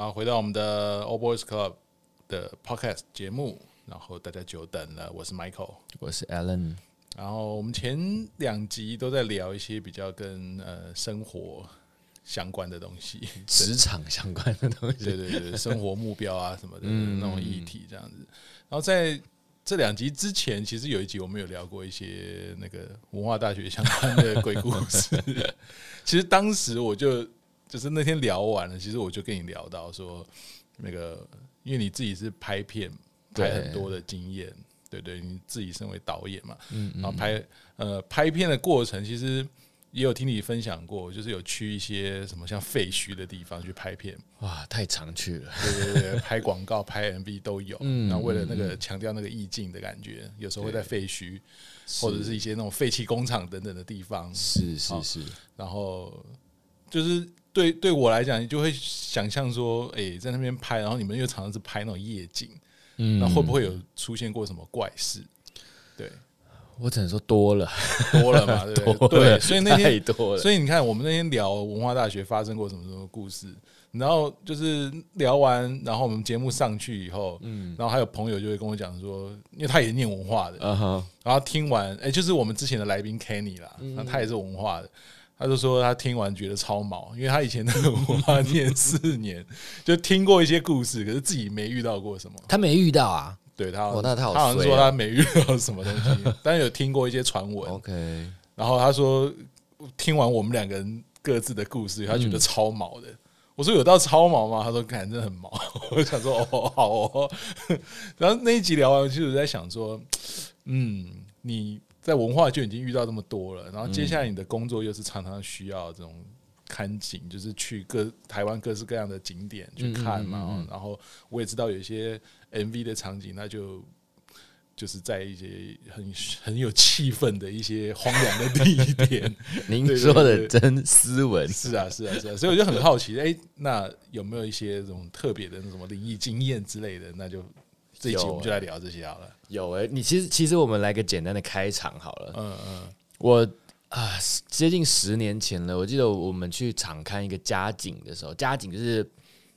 好、啊，回到我們的《Old Boys Club》的 Podcast 節目，然後大家久等了。我是 Michael，我是 Alan。然後我們前兩集都在聊一些比較跟呃生活相關的東西，職場相關的東西， 對，對對對，生活目標啊什麼的 那種議題這樣子。然後在這兩集之前，其實有一集我們有聊過一些那個文化大學相關的鬼故事。 其實當時我就。就是那天聊完了，其實我就跟你聊到說，那個因為你自己是拍片，拍很多的經驗，對,欸、對,對對，你自己身為導演嘛，嗯,嗯，嗯、然後拍呃拍片的過程，其實也有聽你分享過，就是有去一些什麼像廢墟的地方去拍片，哇，太常去了，對對對，拍廣告、 拍 MV 都有，嗯,嗯，嗯、然後為了那個強調那個意境的感覺，有時候會在廢墟對 或者是一些那種廢棄工廠等等的地方，是是是,是、哦，然後就是。對，對我來講，你就會想象說，哎、欸，在那邊拍，然後你們又常常是拍那種夜景，嗯，那會不會有出現過什麼怪事？對，我只能說多了， 多了嘛，對對？所以那天所以你看，我們那天聊文化大學發生過什麼什麼故事，然後就是聊完，然後我們節目上去以後，嗯，然後還有朋友就會跟我講說，因為他也念文化的，uh huh、然後聽完，哎、欸，就是我們之前的來賓 Kenny 啦，那他也是文化的。嗯嗯他就說他聽完覺得超毛，因為他以前我媽念四年就聽過一些故事，可是自己沒遇到過什麼。他沒遇到啊？對他，他他好像說他沒遇到什麼東西，但有聽過一些傳聞。OK，然後他說聽完我們兩個人各自的故事，他覺得超毛的。我說有到超毛嗎？他說感覺很毛。我想說哦好哦，然後那一集聊完，其實我在想說，嗯，你。在文化就已經遇到這麼多了，然後接下來你的工作又是常常需要這種看景，就是去各台灣各式各樣的景點去看嘛。然後我也知道有一些 MV 的場景，那就就是在一些很很有氣氛的一些荒涼的地點。 您說的真斯文，是啊，是啊，是啊，所以我就很好奇，哎、欸，那有沒有一些這種特別的什麼靈異經驗之類的？那就。這一期我們就來聊這些好了，有、啊。有哎、欸，你其實其實我們來個簡單的開場好了。嗯嗯，我，我啊，接近十年前了，我記得我們去場看一個家景的時候，家景就是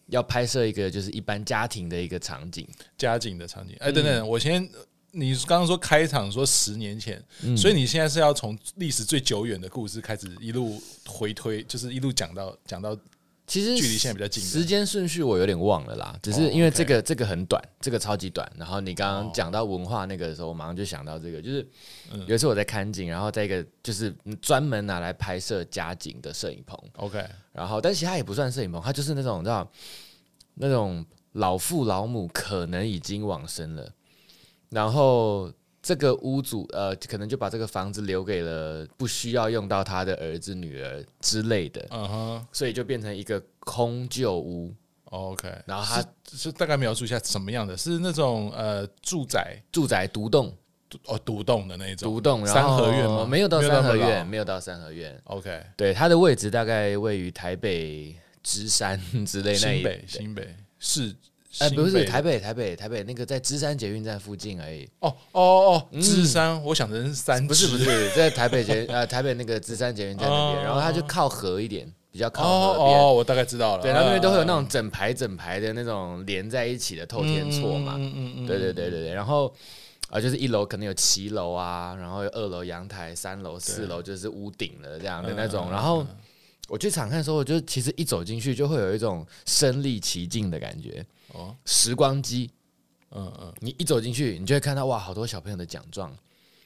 要拍攝一個就是一般家庭的一個場景，家景的場景。哎、欸，等等，嗯、我先，你剛剛說開場說十年前，嗯、所以你現在是要從歷史最久遠的故事開始一路回推，就是一路講到講到。其實距離現在比較近，時間順序我有點忘了啦，只是因為這個這個很短，這個超級短。然後你剛剛講到文化那個的時候，我馬上就想到這個，就是有一次我在看景，然後在一個就是專門拿來拍攝家景的攝影棚，OK。然後但其實它也不算攝影棚，它就是那種你知道那種老父老母可能已經往生了，然後。這個屋主呃，可能就把這個房子留給了不需要用到他的兒子、女兒之類的，嗯、哼所以就變成一個空舊屋。OK，然後他是，是大概描述一下什麼樣的？是那種呃，住宅、住宅獨棟，獨棟哦，獨棟的那種。獨棟，然後三合院嗎、哦？沒有到三合院，沒有，啊、沒有到三合院。OK，對，它的位置大概位於台北芝山之類那一，新北，對新北是。哎，不是台北，台北，台北那個在芝山捷運站附近而已。哦哦哦，芝山，我想的是山，不是不是，在台北捷呃台北那個芝山捷運站那邊，然後它就靠河一點，比較靠河邊。哦哦，我大概知道了。對，它那邊都會有那種整排整排的那種連在一起的透天厝嘛。嗯嗯對對對對對。然後啊，就是一樓可能有騎樓啊，然後有二樓陽台，三樓四樓就是屋頂了這樣的那種。然後我去場勘的時候，我就其實一走進去就會有一種身歷其境的感覺。哦，時光機，嗯嗯，你一走進去，你就會看到哇，好多小朋友的獎狀。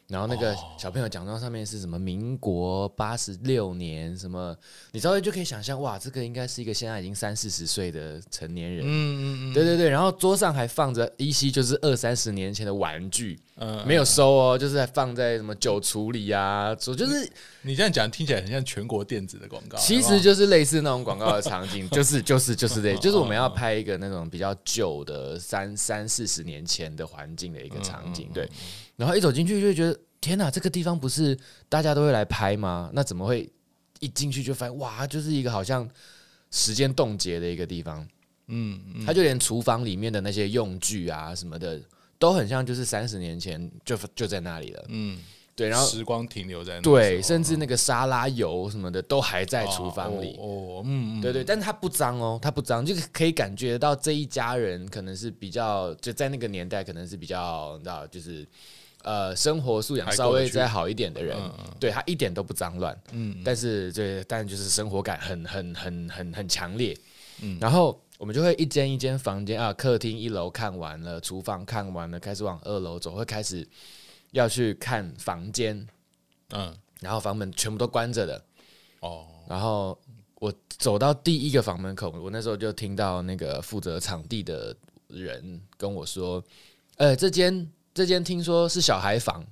然後那個小朋友獎狀上面是什麼？民國八十六年什麼？你稍微就可以想象，哇，這個應該是一個現在已經三四十歲的成年人。嗯嗯嗯，對對對。然後桌上還放着，依稀就是二三十年前的玩具，嗯，沒有收哦，就是還放在什麼酒櫥裡呀，就是你這樣講聽起來很像全國電子的廣告，其實就是類似那種廣告的場景，就是就是就是這，就是我們要拍一個那種比較舊的三三四十年前的環境的一個場景，對。然後一走進去就會覺得天哪，這個地方不是大家都會來拍嗎？那怎麼會一進去就發現哇，就是一個好像時間凍結的一個地方？嗯，嗯，他就連廚房裡面的那些用具啊什麼的，都很像就是三十年前就就在那裡了。嗯，對，然後時光停留在那裡，對，嗯，甚至那個沙拉油什麼的都還在廚房裡哦。哦，嗯，嗯對，對對，但是它不髒哦，它不髒，就是可以感覺到這一家人可能是比較，就在那個年代可能是比較，你知道，就是。呃，生活素養稍微再好一點的人，嗯，對他一點都不髒亂，嗯，嗯，但是這但就是生活感很很很很很強烈，嗯，然後我們就會一間一間房間啊，客廳一樓看完了，廚房看完了，開始往二樓走，會開始要去看房間，嗯，嗯，然後房門全部都關着的，哦，然後我走到第一個房門口，我那時候就聽到那個負責場地的人跟我說，呃，這間。這間聽說是小孩房，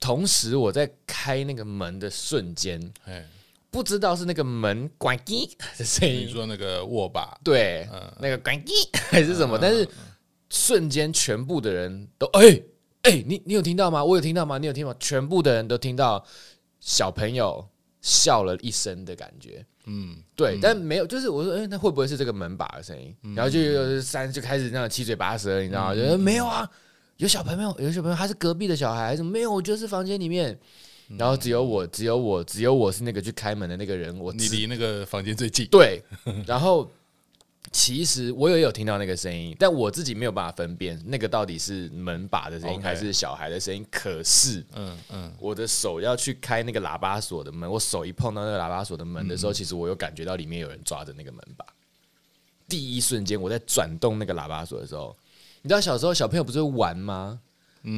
同時我在開那個門的瞬間，不知道是那個門關機的聲音，你說那個握把，對，那個關機還是什麼？但是瞬間全部的人都哎哎，你你有聽到嗎？我有聽到嗎？你有聽到嗎？全部的人都聽到小朋友笑了一聲的感覺，嗯，對，但沒有，就是我說，哎，那會不會是這個門把的聲音？然後就有三就開始那樣七嘴八舌，你知道嗎？沒有啊。有小朋友，有小朋友，他是隔壁的小孩，沒有？我就是房間裡面，嗯、然後只有我，只有我，只有我是那個去開門的那個人。我你離那個房間最近，對。然後 其實我也有聽到那個聲音，但我自己沒有辦法分辨那個到底是門把的聲音 Okay. 還是小孩的聲音。可是，嗯嗯，我的手要去開那個喇叭鎖的門，我手一碰到那個喇叭鎖的門的時候，嗯、其實我有感覺到裡面有人抓着那個門把。第一瞬間，我在轉動那個喇叭鎖的時候。你知道小時候小朋友不是會玩嗎？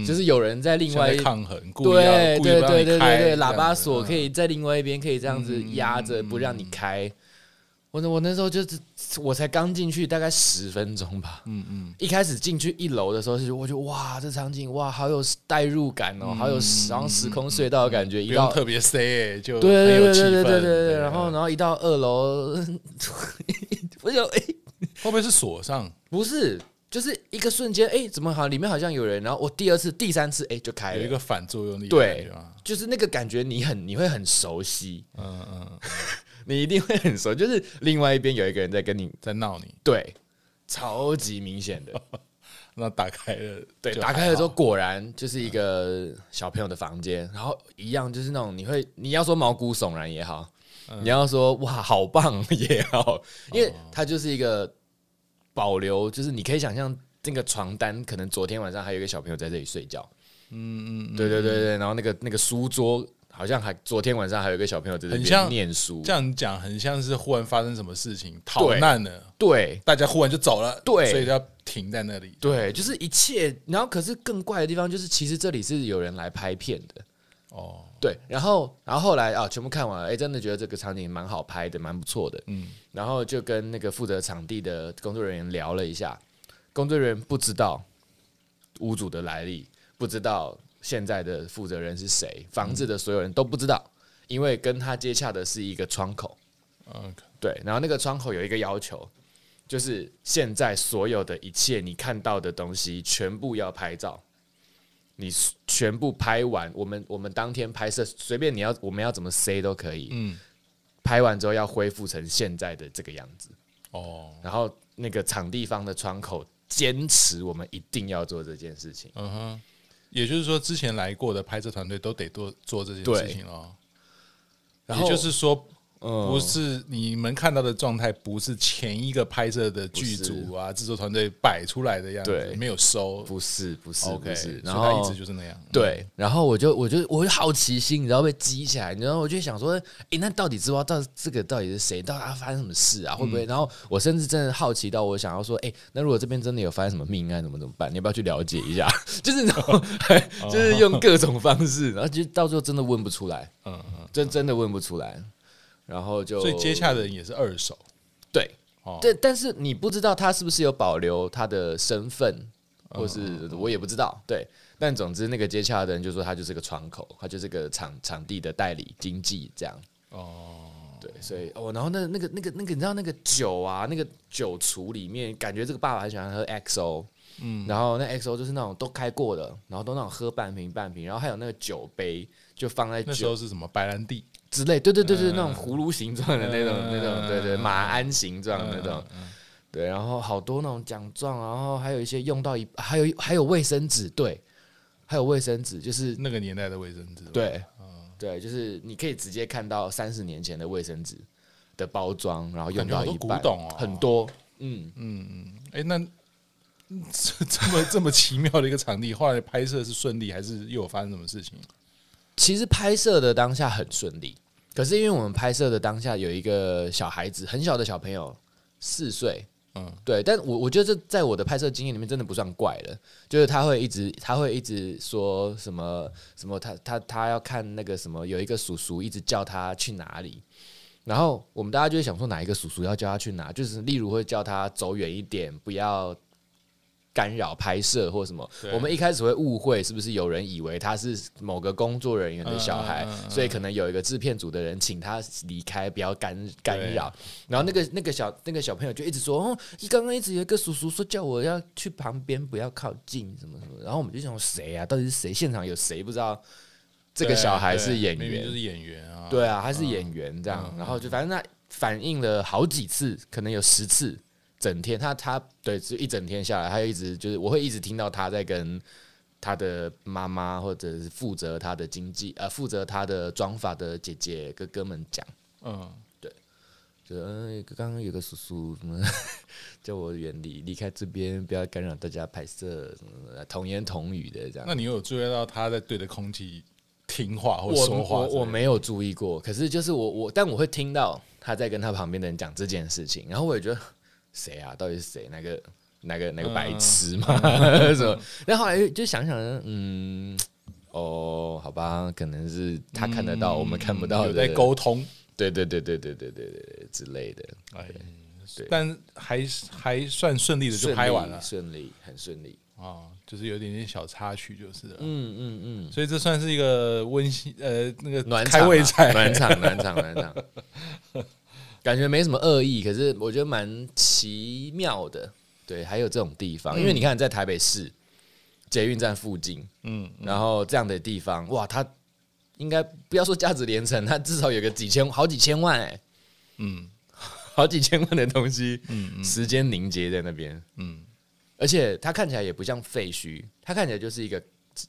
就是有人在另外一邊抗衡，對對對對對對，喇叭鎖可以在另外一邊可以這樣子壓着不讓你開。我我那時候就是我才剛進去大概十分鐘吧，一開始進去一樓的時候是我就哇這場景哇好有代入感哦，好有然後時空隧道的感覺，一到特別塞，就對對對對對對對，然後然後一到二樓，我就哎會不會是鎖上？不是。就是一個瞬間，哎、欸，怎麼好像裡面好像有人。然後我第二次、第三次，哎、欸，就開了。有一個反作用力。對，就是那個感覺，你很，你會很熟悉。嗯嗯，嗯 你一定會很熟。就是另外一邊有一個人在跟你在鬧你。對，超級明顯的。嗯、 那打開了，對，打開了之後果然就是一個小朋友的房間。嗯、然後一樣，就是那種你會你要說毛骨悚然也好，嗯、你要說哇好棒也好，哦、因為它就是一個。保留就是，你可以想象這個床單，可能昨天晚上還有一個小朋友在這裡睡覺。嗯嗯，對、嗯、對對對。然後那個那個書桌，好像還昨天晚上還有一個小朋友在這裡邊念書。這樣講，很像是忽然發生什麼事情逃難了。對，對大家忽然就走了。對，所以就要停在那裡。對，就是一切。然後，可是更怪的地方就是，其實這裡是有人來拍片的。哦。對，然後，然後後來啊、哦，全部看完了，哎，真的覺得這個場景蠻好拍的，蠻不錯的。嗯，然後就跟那個負責場地的工作人員聊了一下，工作人員不知道屋主的來歷，不知道現在的負責人是誰，房子的所有人都不知道，嗯、因為跟他接洽的是一個窗口。嗯，Okay. 對，然後那個窗口有一個要求，就是現在所有的一切你看到的東西，全部要拍照。你全部拍完，我們我們當天拍攝，隨便你要我們要怎麼塞都可以。嗯，拍完之後要恢復成現在的這個樣子。哦，然後那個場地方的窗口，堅持我們一定要做這件事情。嗯哼，也就是說，之前來過的拍攝團隊都得多做這件事情哦。然後也就是說。嗯、不是你們看到的狀態，不是前一個拍攝的劇組啊，製作團隊擺出來的樣子，不是 對 沒有收，不是不是 Okay 不是，然後所以他一直就是那樣。對，然後我就我就我就我就好奇心你知道被激起來，你知道我就想說，哎、欸，那到底知道到這個到底是誰，到底發生什麼事啊？會不會？嗯、然後我甚至真的好奇到我想要說，哎、欸，那如果這邊真的有發生什麼命案，怎麼怎麼辦？你要不要去了解一下？ 就是就是用各種方式，然後就到最後真的問不出來，嗯嗯，真真的問不出來。然後就，所以接洽的人也是二手，對，哦、對，但是你不知道他是不是有保留他的身份，或是嗯嗯嗯，我也不知道，對。但總之那個接洽的人就說他就是個窗口，他就是個場場地的代理經紀這樣。哦，對，所以哦，然後那個、那個那個那個，你知道那個酒啊，那個酒櫥裡面，感覺這個爸爸很喜歡喝 XO，嗯，然後那 XO 就是那種都開過的，然後都那種喝半瓶半瓶，然後還有那個酒杯就放在，那時候是什麼？白蘭地。之類，對對對對，嗯、那種葫蘆形狀的那種，嗯、那種對對，對馬鞍形狀那種，嗯、對，然後好多那種獎狀，然後還有一些用到一，還有還有衛生紙，對，還有衛生紙，就是那個年代的衛生紙，對，對，嗯、對，就是你可以直接看到三十年前的衛生紙的包裝，然後用到一半，很多古董哦，很多，嗯嗯，哎、嗯欸，那這這麼這麼奇妙的一個場地，後來拍攝是順利，還是又發生什麼事情？其實拍攝的當下很順利。可是因為我們拍攝的當下有一個小孩子，很小的小朋友，四歲，嗯，對，但我我覺得這在我的拍攝經驗裡面真的不算怪了，就是他會一直他會一直說什麼什麼他，他他他要看那個什麼，有一個叔叔一直叫他去哪裡，然後我們大家就會想說哪一個叔叔要叫他去哪，就是例如會叫他走遠一點，不要，干擾拍攝，或什麼對，我們一開始會誤會，是不是有人以為他是某個工作人員的小孩，嗯，嗯嗯，所以可能有一個製片組的人請他離開，不要干干擾對。然後那個，嗯，那個小那個小朋友就一直說：“哦，你剛剛一直有一個叔叔說叫我要去旁邊，不要靠近什麼什麼。”然後我們就想說誰啊？到底是誰？現場有誰不知道這個小孩是演員？明明就是演員啊！對啊，他是演員這樣。嗯，然後就反正他反映了好幾次，可能有十次。整天他他對，就一整天下來，他一直就是我會一直聽到他在跟他的媽媽，或者是負責他的經紀呃，負責他的妝髮的姐姐哥哥們講，嗯，對，就嗯，剛剛有個叔叔叫我遠離離開這邊，不要干擾大家拍攝，什麼童言童語的這樣。那你有注意到他在對着空氣聽話或說話？我我，我沒有注意過，可是就是我我但我會聽到他在跟他旁邊的人講這件事情，然後我也覺得。誰啊？到底是誰？哪個哪個哪個白痴嘛？什麼？然後後來就想想，嗯，哦，好吧，可能是他看得到，我們看不到，在溝通。對對對對對對對對之類的。哎，對，但還是還算順利的，就拍完了，順利，很順利啊，就是有點點小插曲，就是，嗯嗯嗯。所以這算是一個溫馨呃那個暖開胃菜，暖場。暖場暖場暖場。感覺沒什麼惡意，可是我覺得蠻奇妙的。對，還有這種地方，嗯、因為你看在台北市捷運站附近，嗯，嗯，然後這樣的地方，哇，它應該不要說價值連城，它至少有個幾千、好幾千萬、欸，哎，嗯，好幾千萬的東西，嗯嗯，嗯時間凝結在那邊，嗯，而且它看起來也不像廢墟，它看起來就是一個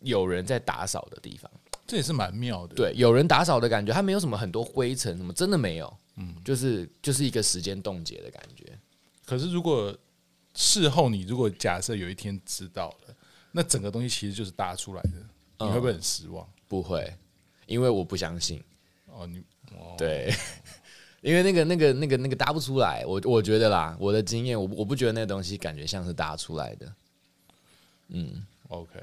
有人在打掃的地方，這也是蠻妙的。對，有人打掃的感覺，它沒有什麼很多灰塵，什麼真的沒有。嗯，就是就是一個時間凍結的感覺。可是如果事後你如果假設有一天知道了，那整個東西其實就是搭出來的，嗯，你會不會很失望？不會，因為我不相信。哦，你哦對，因為那個那個那個那個搭不出來，我我覺得啦，我的經驗，我我不覺得那個東西感覺像是搭出來的。嗯，OK，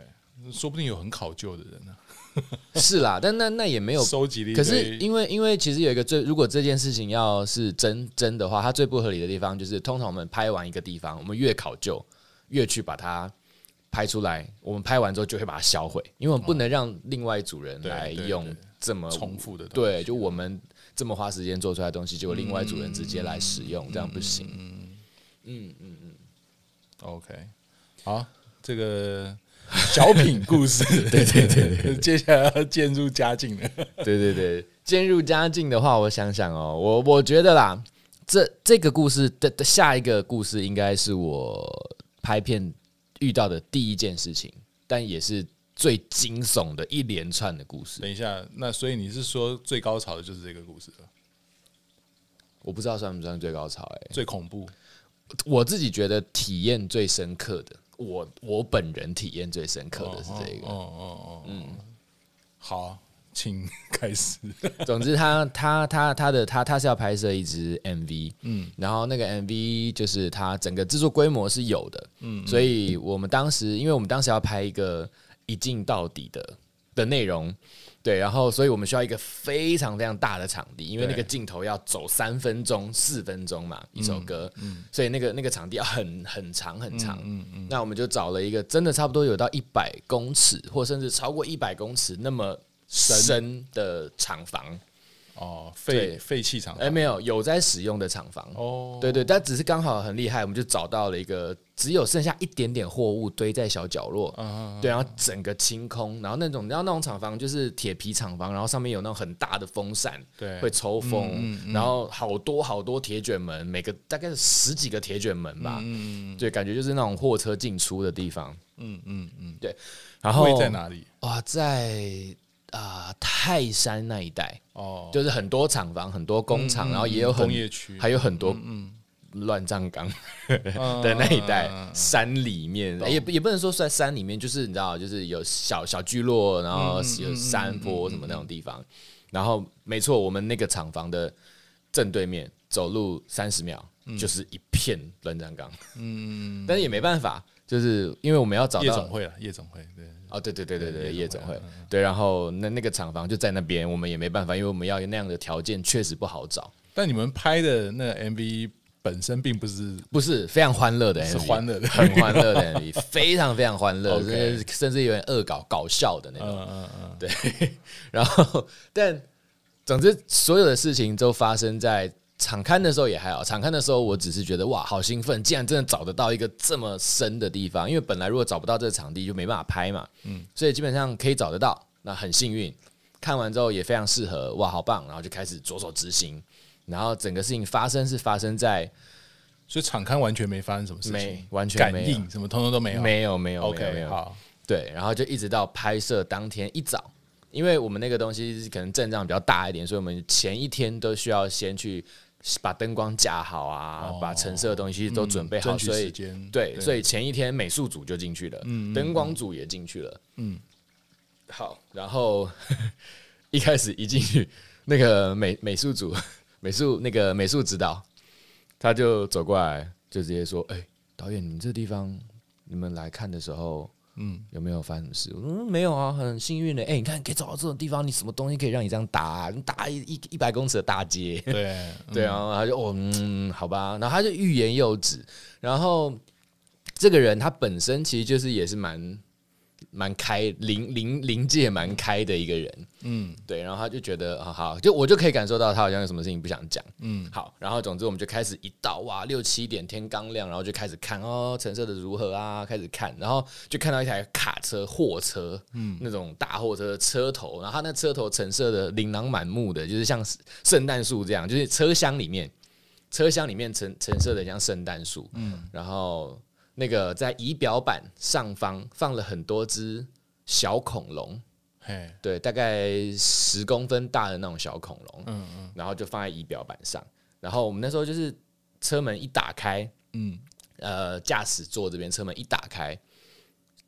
說不定有很考究的人呢，啊。 是啦，但那那也沒有收集。可是因為因為其實有一個最，如果這件事情要是真真的話，它最不合理的地方就是，通常我們拍完一個地方，我們越考究越去把它拍出來，我們拍完之後就會把它銷毀，因為我們不能讓另外一組人來用、哦、對對對這麼重複的東西。對，就我們這麼花時間做出來的東西，結果另外一組人直接來使用，嗯嗯、這樣不行。嗯嗯嗯。嗯嗯嗯 OK，好、啊，這個。小品故事， 對對對，對，對，對 接下來要漸入佳境了。對，對對對，漸入佳境的話，我想想哦、喔，我我覺得啦，這這個故事的，的下一個故事，應該是我拍片遇到的第一件事情，但也是最驚悚的一連串的故事。等一下，那所以你是說最高潮的就是這個故事了？我不知道算不算最高潮，哎，最恐怖，我自己覺得體驗最深刻的。我我本人體驗最深刻的是這個，嗯嗯嗯，好，請開始。總之他，他他他他的他他是要拍攝一支 MV，嗯，然後那個 MV 就是他整個製作規模是有的，嗯，所以我們當時，因為我們當時要拍一個一鏡到底的的內容。對，然後所以我們需要一個非常非常大的場地，因為那個鏡頭要走三分鐘、四分鐘嘛，對一首歌，嗯嗯、所以那個那個場地要很很長很長。很長嗯嗯嗯、那我們就找了一個真的差不多有到一百公尺，或甚至超過一百公尺那麼深的廠房。哦，廢廢棄廠哎，對房欸、沒有有在使用的廠房哦，對，對對，但只是剛好很厲害，我們就找到了一個只有剩下一點點貨物堆在小角落，啊、對，然後整個清空，然後那種你知道那種廠房就是鐵皮廠房，然後上面有那種很大的風扇，對，會抽風，嗯嗯、然後好多好多鐵捲門，每個大概是十幾個鐵捲門吧，嗯對，感覺就是那種貨車進出的地方，嗯嗯嗯，對，然後會在哪裡？哇，在。啊，泰山那一帶，哦，就是很多廠房、很多工廠，然後也有很，工業區，還有很多亂葬崗的那一帶山裡面，也也不能說在山裡面，就是你知道，就是有小小聚落，然後有山坡什麼那種地方。然後，沒錯，我們那個廠房的正對面，走路三十秒就是一片亂葬崗。嗯，但是也沒辦法，就是因為我們要找到夜總會了，夜總會。對。啊，對、oh, 對對對對，嗯、夜總會，嗯、對，嗯、然後那那個廠房就在那邊，我們也沒辦法，因為我們要有那樣的條件確實不好找。但你們拍的那 MV 本身並不是，不是非常歡樂的，是歡樂的，很歡樂的 MV，非常非常歡樂， 甚至有點惡搞搞笑的那種，嗯嗯，嗯嗯對。然後，但總之所有的事情都發生在。場勘的時候也還好，場勘的時候我只是覺得哇，好興奮，竟然真的找得到一個這麼深的地方，因為本來如果找不到這個場地就沒辦法拍嘛，嗯，所以基本上可以找得到，那很幸運。看完之後也非常適合，哇，好棒，然後就開始着手執行，然後整個事情發生是發生在，所以場勘完全沒發生什麼事情，沒完全沒有，感應什麼通通都沒，沒有，沒有沒有 OK 沒有，okay, 好，對，然後就一直到拍攝當天一早，因為我們那個東西可能陣仗比較大一點，所以我們前一天都需要先去。把燈光架好啊，哦、把橙色的東西都準備好，嗯、所以對，對所以前一天美術組就進去了，燈光、嗯嗯嗯、組也進去了，嗯，好，然後一開始一進去，那個美美術組美術那個美術指導他就走過來，就直接說：“哎、欸，導演，你們這地方你們來看的時候。”嗯，有沒有發生什麼事？嗯，沒有啊，很幸運的。哎、欸，你看，你可以走到這種地方，你什麼東西可以讓你這樣打、啊？你打一一一百公尺的大街？對， 對啊。嗯、他就哦，嗯，好吧。然後他就欲言又止。然後這個人他本身其實就是也是蠻。蠻開靈靈靈界蠻開的一個人，嗯，對，然後他就覺得好，好，就我就可以感受到他好像有什麼事情不想講，嗯，好，然後總之我們就開始一到哇、啊、六七點天剛亮，然後就開始看哦橙色的如何啊，開始看，然後就看到一台卡車貨車，嗯，那種大貨車車頭，然後他那車頭橙色的琳琅滿目的，就是像聖誕樹這樣，就是車廂裡面車廂裡面橙橙色的像聖誕樹，嗯，然後。那個在儀表板上方放了很多隻小恐龍，Hey. 對，大概十公分大的那種小恐龍，嗯嗯，然後就放在儀表板上。然後我們那時候就是車門一打開，嗯，呃，駕駛座這邊車門一打開，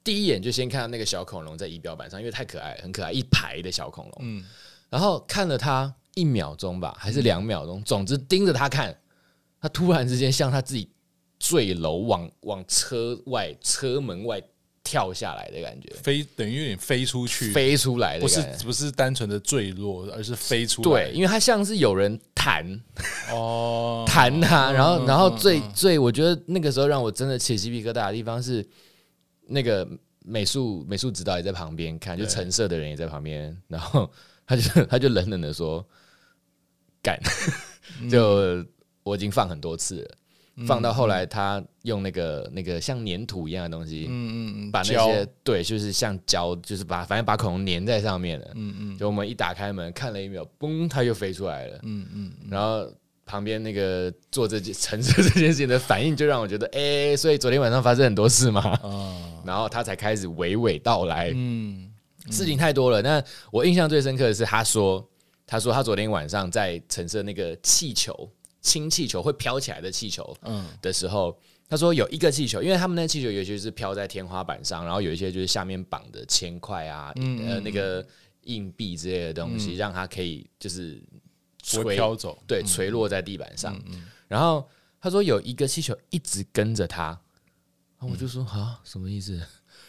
第一眼就先看到那個小恐龍在儀表板上，因為太可愛，很可愛，一排的小恐龍，嗯，然後看了它一秒鐘吧，還是兩秒鐘，嗯、總之盯着它看，它突然之間向它自己。墜樓，往往車外，車門外跳下來的感覺，飛等於有點飛出去，飛出來的感覺不，不是不是單純的墜落，而是飛出來。對，因為它像是有人彈哦，彈他、啊，然後、嗯、然後最最，嗯、我覺得那個時候讓我真的起雞皮疙瘩的地方是那個美術美術指導也在旁邊看，就橙色的人也在旁邊，對然後他就他就冷冷的說：“幹，嗯、 就我已經放很多次了。”放到後來，他用那個、嗯、那個像粘土一樣的東西，嗯把那些膠對，就是像膠，就是把反正把恐龍粘在上面的、嗯，嗯就我們一打開門看了一秒，嘣，它就飛出來了，嗯，嗯然後旁邊那個做這件陳設這件事情的反應，就讓我覺得哎、欸，所以昨天晚上發生很多事嘛，哦、然後他才開始娓娓道來嗯，嗯，事情太多了。那我印象最深刻的是，他說，他說他昨天晚上在陳設那個氣球。氫氣球會飄起來的氣球，嗯，的時候，嗯、他說有一個氣球，因為他們那氣球有些就是飄在天花板上，然後有一些就是下面綁的鉛塊啊，嗯嗯、呃，那個硬幣之類的東西，嗯、讓它可以就是垂飄走，對，嗯、垂落在地板上。嗯嗯嗯、然後他說有一個氣球一直跟着他，然後我就說好、嗯，什麼意思？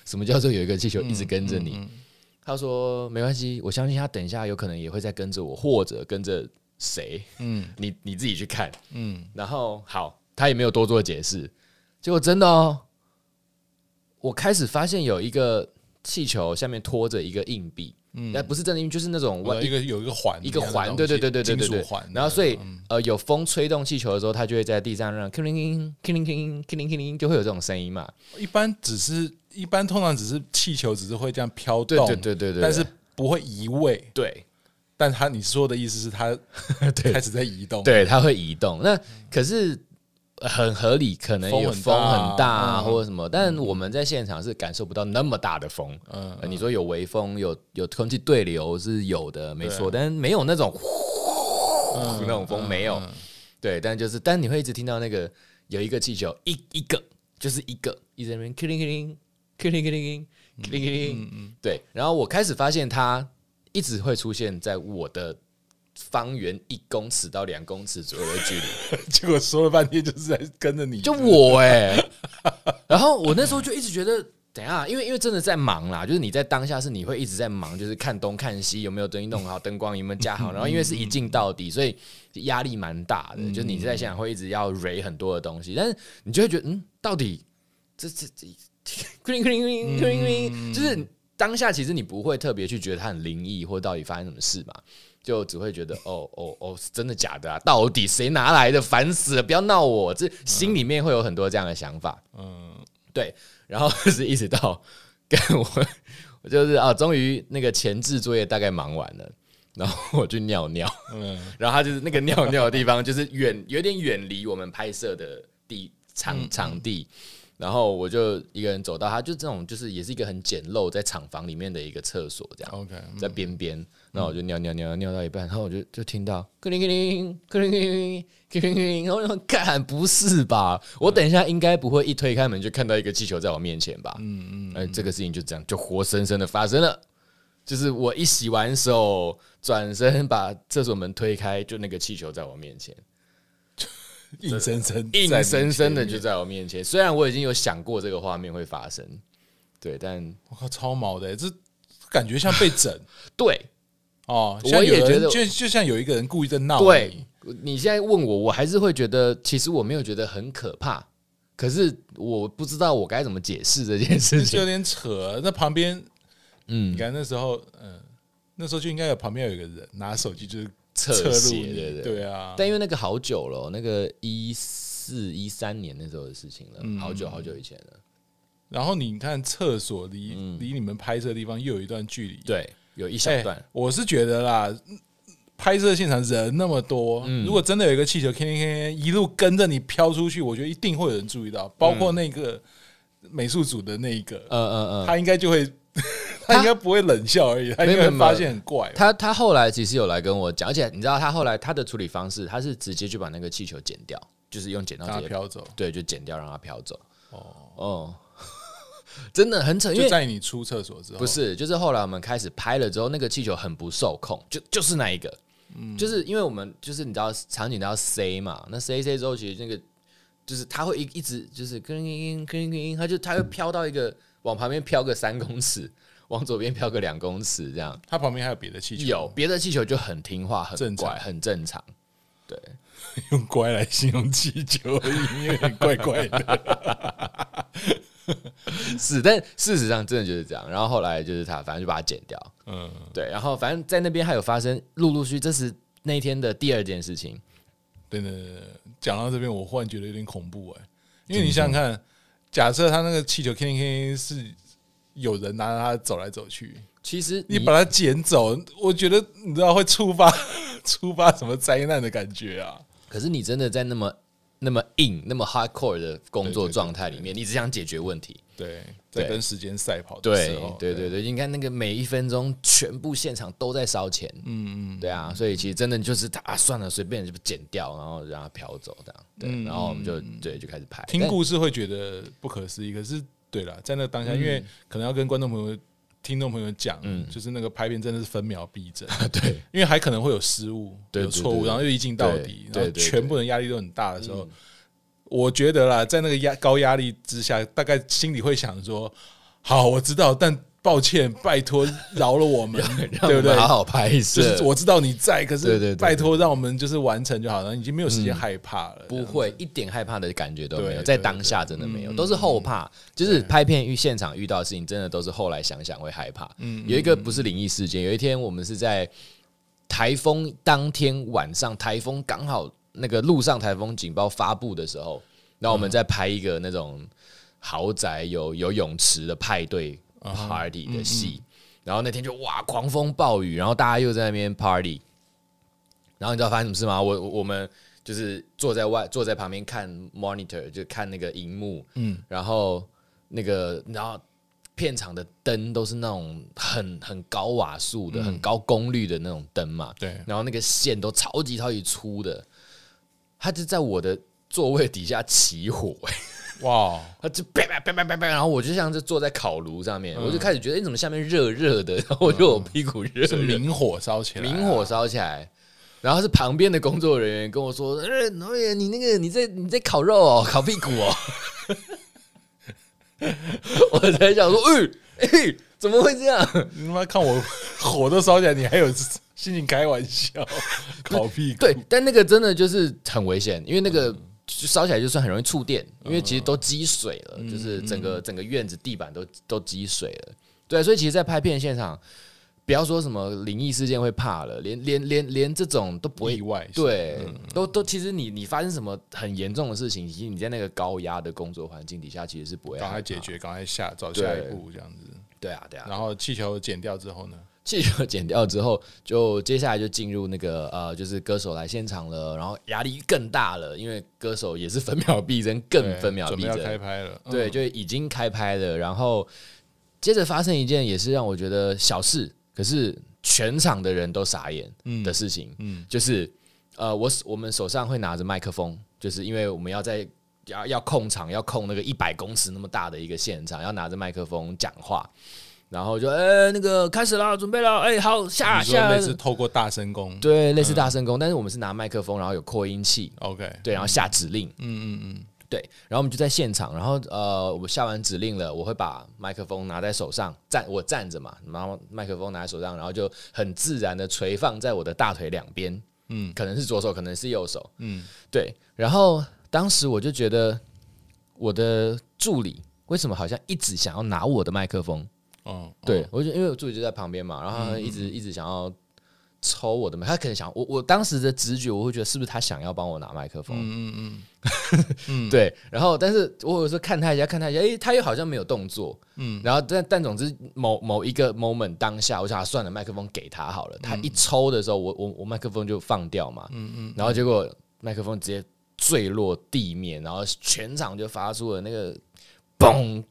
什麼叫做有一個氣球一直跟着你？嗯嗯嗯、他說沒關係，我相信他，等一下有可能也會再跟着我，或者跟着。誰？嗯，你你自己去看，嗯，然後好，他也沒有多做解釋。結果真的哦，我開始發現有一個氣球下面拖着一個硬幣，嗯，那不是真的硬幣，就是那種一個有一個環，一個環，對對對對對對，金屬環。然後所以呃，有風吹動氣球的時候，它就會在地上讓 “kling kling kling kling kling kling” 就會有這種聲音嘛。一般只是一般通常只是氣球只是會這樣飄動，對對對對對，但是不會移位，對。但他，你說的意思是他開始在移動？對，他會移動。那可是很合理，可能有風很大，啊、或者什麼，但我們在現場是感受不到那麼大的風。嗯，嗯，你說有微風，有有空氣對流是有的，沒錯，對但沒有那種呼，嗯、那種風沒有。嗯嗯，對，但就是，但你會一直聽到那個有一個氣球，一一個就是一個，一直在那邊，叮叮叮叮叮叮叮叮叮叮叮，對。然後我開始發現他。一直會出現在我的方圓一公尺到兩公尺左右的距離，結果說了半天就是在跟着你，就我哎、欸。然後我那時候就一直覺得，等一下，因為因為真的在忙啦，就是你在當下是你會一直在忙，就是看東看西，有沒有東西弄好，燈光有沒有加好，然後因為是一鏡到底，所以壓力蠻大的，就是你在現場會一直要 ray 很多的東西，但是你就會覺得，嗯，到底這這這，c l 就是、就是當下其實你不會特別去覺得它很靈異，或到底發生什麼事嘛？就只會覺得哦哦哦，哦哦是真的假的啊。到底誰拿來的？煩死了！不要鬧我！這心裡面會有很多這樣的想法。嗯，對。然後是一直到跟我，我就是啊，終於那個前置作業大概忙完了，然後我就尿尿。嗯，然後他就是那個尿尿的地方，就是遠有點遠離我們拍攝的地場場地。嗯嗯然後我就一個人走到他，他就這種，就是也是一個很簡陋在廠房裡面的一個廁所，這樣。OK，um，在邊邊，那我就尿尿尿尿，尿到一半，然後我就就聽到“克林克林克林克林克林克林”，然後說：“幹不是吧？我等一下應該不會一推開門就看到一個氣球在我面前吧？”嗯嗯，哎，這個事情就這樣就活生生的發生了，就是我一洗完手，轉身把廁所門推開，就那個氣球在我面前。硬生生、硬生生的就在我面前，雖然我已經有想過這個畫面會發生，對，但我靠，超毛的，這感覺像被整， 對，哦，我也覺得，就就像有一個人故意在鬧，對你現在問我，我還是會覺得，其實我沒有覺得很可怕，可是我不知道我該怎麼解釋這件事情，就有點扯啊。那旁邊，嗯，你看那時候，嗯，嗯，那時候就應該有旁邊有一個人拿手機，就是。廁所對對對啊！但因為那個好久了，喔，那個一四一三年那時候的事情了，好久好久以前了。嗯嗯、然後你看廁所離離、嗯嗯、你們拍攝的地方又有一段距離，對，有一小段。欸、我是覺得啦，拍攝現場人那麼多，如果真的有一個氣球天天天天一路跟着你飄出去，我覺得一定會有人注意到，包括那個美術組的那一個，嗯嗯，他應該就會。他應該不會冷笑而已，他，沒有沒有，他應該發現很怪他。他他後來其實有來跟我講，而且你知道，他後來他的處理方式，他是直接就把那個氣球剪掉，就是用剪刀直接飄走。對，就剪掉讓它飄走。哦，哦， 真的很扯，就在你出廁所之後。不是，就是後來我們開始拍了之後，那個氣球很不受控，就就是那一個，嗯、就是因為我們就是你知道場景都要塞嘛，那塞一塞之後，其實那個就是他會一一直就是跟跟跟跟，它就它會飄到一個、嗯、往旁邊飄個三公尺，往左邊飄個兩公尺，這樣，它旁邊還有別的氣球，有別的氣球就很聽話，很乖，正常很正常。對，用乖來形容氣球因為有點怪怪的。 是，但事實上真的就是這樣。然後後來就是他，反正就把它剪掉。嗯，對。然後反正，在那邊還有發生，陸陸續，這是那天的第二件事情。對對對，講到這邊，我忽然覺得有點恐怖哎、欸，因為你想想看，假設他那個氣球 K K, K 是。有人拿着它走來走去，其實你，你把它撿走，我覺得你知道會觸發觸 發什麼災難的感覺啊！可是你真的在那麼那麼硬那麼 hardcore 的工作狀態裡面，對對對對你只想解決問題，對，對，在跟時間賽跑的時候，對對對應該那個每一分鐘，全部現場都在燒錢，嗯嗯，對啊，所以其實真的就是啊，算了，隨便就剪掉，然後讓它飄走這樣對，然後我們就對就開始拍。嗯嗯、但 聽故事會覺得不可思議，可是。對了，在那當下，嗯、因為可能要跟觀眾朋友、聽眾朋友講，嗯、就是那個拍片真的是分秒必爭，對、嗯，因為還可能會有失誤、對對對，有錯誤，然後又一鏡到底，對對對對，然後全部人壓力都很大的時候，對對對對，我覺得啦，在那個壓高壓力之下，大概心裡會想說：好，我知道，但。抱歉，拜託饒了我們，對不對？好好拍一次。我知道你在，可是拜託讓我們就是完成就好了。對對對，已經沒有時間害怕了、嗯，不會一點害怕的感覺都沒有，在當下真的沒有，對對對都是後怕。對 就是拍片遇現場遇到的事情，對 真的都是後來想想會害怕。對 有一個不是靈異事件，有一天我們是在台風當天晚上，台風剛好那個陸上台風警報發布的時候，那我們在拍一個那種豪宅有有泳池的派對。Uh-huh, party 的戲，嗯嗯，然後那天就哇，狂風暴雨，然後大家又在那邊 Party，然後你知道發生什麼事嗎？我我們就是坐在外，坐在旁邊看 monitor，就看那個熒幕，嗯，然後那個然後片場的燈都是那種很很高瓦數的、嗯、很高功率的那種燈嘛，對，然後那個線都超級超級粗的，它就在我的座位底下起火欸。哇！Wow, 他就叮叮叮叮叮叮然後我就像是坐在烤爐上面，嗯、我就開始覺得，你、欸、怎麼下面熱熱的？然後我就我屁股熱的、嗯，是明火燒起來，明火燒起來。啊、然後是旁邊的工作人員跟我說：“哎，導演，你那個你在你在烤肉哦，烤屁股哦。” 我才想說：“嗯、欸，哎、欸，怎麼會這樣？你媽看我火都燒起來，你還有心情開玩笑烤屁股？對，但那個真的就是很危險，因為那個。嗯”就燒起來就算很容易觸電，因為其實都積水了，嗯、就是整個整個院子地板都都積水了。對，所以其實，在拍片現場，不要說什麼靈異事件會怕了，連連連連這種都不會意外。對，嗯嗯嗯都都其實你你發生什麼很嚴重的事情，其實你在那個高壓的工作環境底下，其實是不會。把它解決，趕快下找下一步這樣子。對，對啊，對啊。然後氣球剪掉之後呢？氣球 剪掉之後，就接下來就進入那個呃，就是歌手來現場了，然後壓力更大了，因為歌手也是分秒必爭，更分秒必爭。要開拍了，對，嗯、就已經開拍了。然後接着發生一件也是讓我覺得小事，可是全場的人都傻眼的事情，嗯嗯、就是呃，我我們手上會拿着麥克風，就是因為我們要在要要控場，要控那個一百公尺那麼大的一個現場，要拿着麥克風講話。然後就呃、欸，那個開始啦，準備了，哎、欸、好下下，類是透過大聲公，對類似大聲公，嗯、但是我們是拿麥克風，然後有擴音器，OK，對，然後下指令，嗯嗯嗯，嗯嗯嗯對，然後我們就在現場，然後呃，我下完指令了，我會把麥克風拿在手上，站我站着嘛，然後麥克風拿在手上，然後就很自然地垂放在我的大腿兩邊，嗯，可能是左手，可能是右手，嗯，對，然後當時我就覺得我的助理為什麼好像一直想要拿我的麥克風？嗯，oh, oh, 對，我就因為我助理就在旁邊嘛，然後他一直、嗯、一直想要抽我的麥，他可能想我，我當時的直覺我會覺得是不是他想要幫我拿麥克風？嗯嗯，嗯 對。然後，但是我有時候看他一下，看他一下，哎、欸，他又好像沒有動作。嗯。然後，但但總之某，某某一個 moment 當下，我想要算了，麥克風給他好了。他一抽的時候，我我我麥克風就放掉嘛。嗯嗯。嗯，然後結果麥克風直接墜落地面，然後全場就發出了那個。嘣！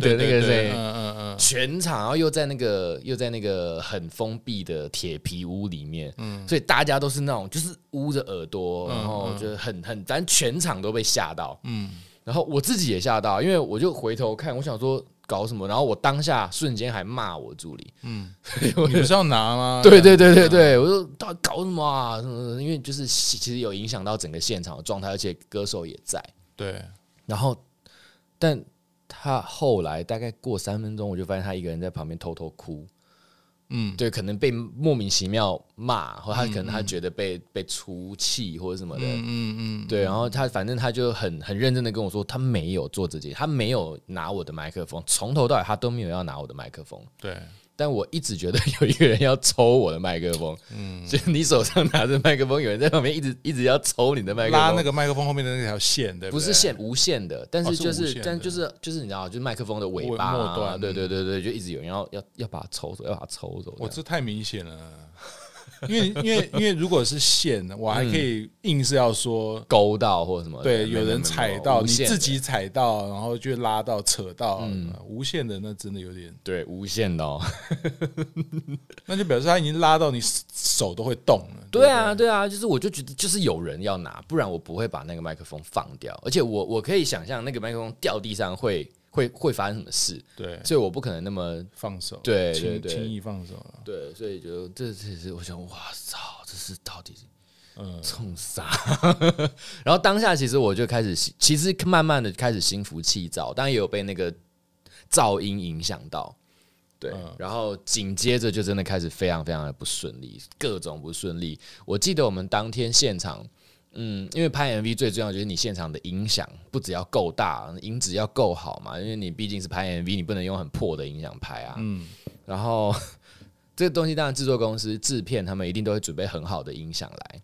對，那個是，嗯嗯嗯，全場，然後又在那個，又在那個很封閉的鐵皮屋裡面，嗯，所以大家都是那種，就是捂着耳朵，然後就很很，反正全場都被嚇到，嗯，然後我自己也嚇到，因為我就回頭看，我想說搞什麼，然後我當下瞬間還罵我助理，嗯，你有需要拿嗎？對對對對對，我說到底搞什麼啊？什麼什麼？因為就是其實有影響到整個現場的狀態，而且歌手也在，對，然後。但他後來大概過三分鐘，我就發現他一個人在旁邊偷偷哭。嗯，對，可能被莫名其妙罵，或他可能他覺得被嗯嗯被出氣或者什麼的。嗯，嗯，嗯，嗯，對，然後他反正他就很很認真的跟我說，他沒有做這些，他沒有拿我的麥克風，從頭到尾他都沒有要拿我的麥克風。對。但我一直覺得有一個人要抽我的麥克風，嗯，就是你手上拿着麥克風，有人在旁邊一直一直要抽你的麥克風，拉那個麥克風後面的那條線，對，不對，不是線，無線的，但是就是、哦、是但就是就是你知道嗎？就是麥克風的尾巴末、啊、端、啊，對，對對對對，就一直有人要要要把它抽走，要把它抽走，我這太明顯了。 因為因為因為如果是線，我還可以硬是要說、嗯、勾到或什麼，對，有人踩到，你自己踩到，然後就拉到扯到，嗯，無線的那真的有點對，無線哦， 那就表示它已經拉到你手都會動了。 對，對，對啊，對啊，就是我就覺得就是有人要拿，不然我不會把那個麥克風放掉。而且我我可以想象那個麥克風掉地上會。會會發生什麼事？對，所以我不可能那麼放手，對，對，對，輕易放手，對，所以就這這是我想，哇操，這是到底是，是重啥？ 然後當下其實我就開始，其實慢慢的開始心浮氣躁，當然也有被那個噪音影響到，對。嗯、然後緊接着就真的開始非常非常的不順利，各種不順利。我記得我們當天現場。嗯，因為拍 MV 最重要就是你現場的音響，不只要夠大，音質要夠好嘛。因為你畢竟是拍 MV，你不能用很破的音響拍啊。嗯，然後這個東西當然制作公司制片他們一定都會準備很好的音響來，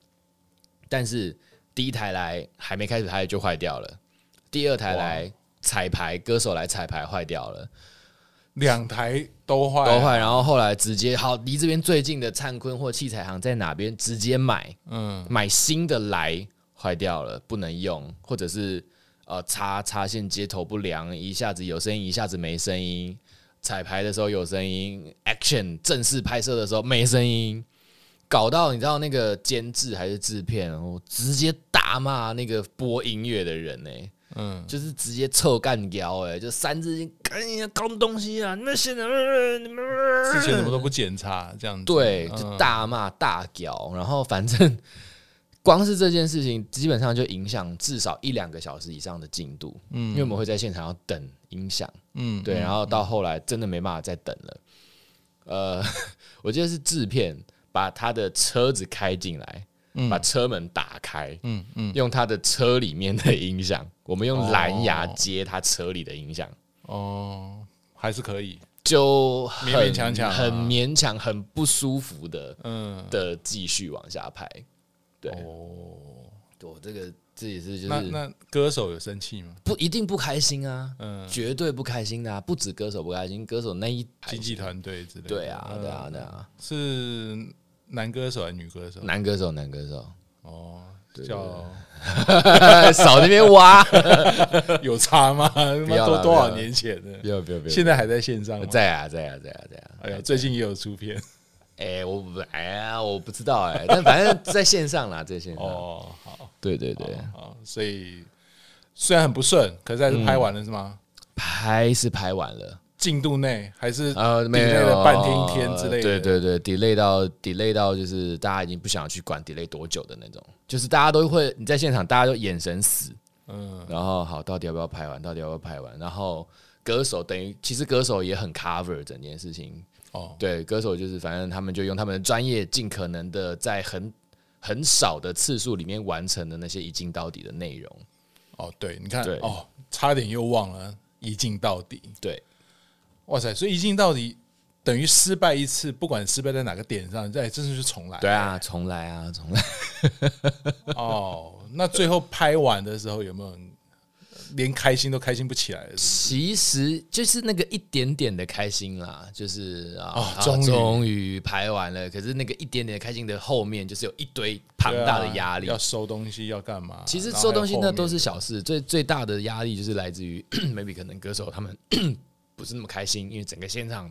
但是第一台來還沒開始拍就壞掉了，第二台來彩排，哇歌手來彩排壞掉了。兩台都壞，都壞，然後後來直接好離這邊最近的燦坤或器材行在哪邊直接買，嗯，買新的來，壞掉了不能用，或者是呃插插線接頭不良，一下子有聲音，一下子沒聲音，彩排的時候有聲音，action 正式拍攝的時候沒聲音，搞到你知道那個監制還是制片，我直接大罵那個播音樂的人呢、欸。嗯，就是直接臭幹屌哎，就三字經、哎，趕緊要搞東西啊！那現在，你們之前什麼都不檢查，這樣子，對，就大罵大屌，然後反正光是這件事情，基本上就影響至少一兩個小時以上的進度，嗯，因為我們會在現場要等音響，嗯，對，然後到後來真的沒辦法再等了，呃，我記得是制片把他的車子開進來。把車門打開，用他的車裡面的音響，我們用藍牙接他車裡的音響，哦，還是可以，就勉勉強強，很勉強，很不舒服的，嗯，的繼續往下拍，對哦，我這個這也是就是那歌手有生氣嗎？不，一定不開心啊，嗯，絕對不開心的，不止歌手不開心，歌手那一經紀團隊之類的，對啊，對啊，對啊，是。男歌手還是女歌手？男歌手，男歌手。哦，叫掃那邊挖，有差嗎？那多少年前的？不要，不要，不要，現在還在線上嗎？在啊，在啊，在啊，在啊！哎呀，最近也有出片。哎，我哎呀，我不知道哎，但反正在線上啦，在線上。哦，好，對對對。哦，所以雖然很不順，可是還是拍完了是嗎？拍是拍完了。進度內還是呃 delay 了半天一天之類的，uh, 對對對，delay 到 delay 到，就是大家已經不想去管 delay 多久的那種，就是大家都會，你在現場，大家都眼神死，嗯，然後好，到底要不要拍完？到底要不要拍完？然後歌手等於，其實歌手也很 cover 整件事情哦，對，歌手就是反正他們就用他們的專業，盡可能的在很很少的次數裡面完成的那些一鏡到底的內容。哦，對，你看哦、喔，差點又忘了，一鏡到底，對。哇塞！所以一鏡到底等於失敗一次，不管失敗在哪個點上，再、欸、真的是重來、欸。對啊，重來啊，重來。哦 ，oh, 那最後拍完的時候有沒有連開心都開心不起來是不是？其實就是那個一點點的開心啦，就是、哦、啊，終於於拍完了。可是那個一點點開心的後面，就是有一堆龐大的壓力、啊。要收東西要幹嘛？其實收東西那都是小事，最最大的壓力就是來自於 maybe 可能歌手他們。不是那麼開心，因為整個現場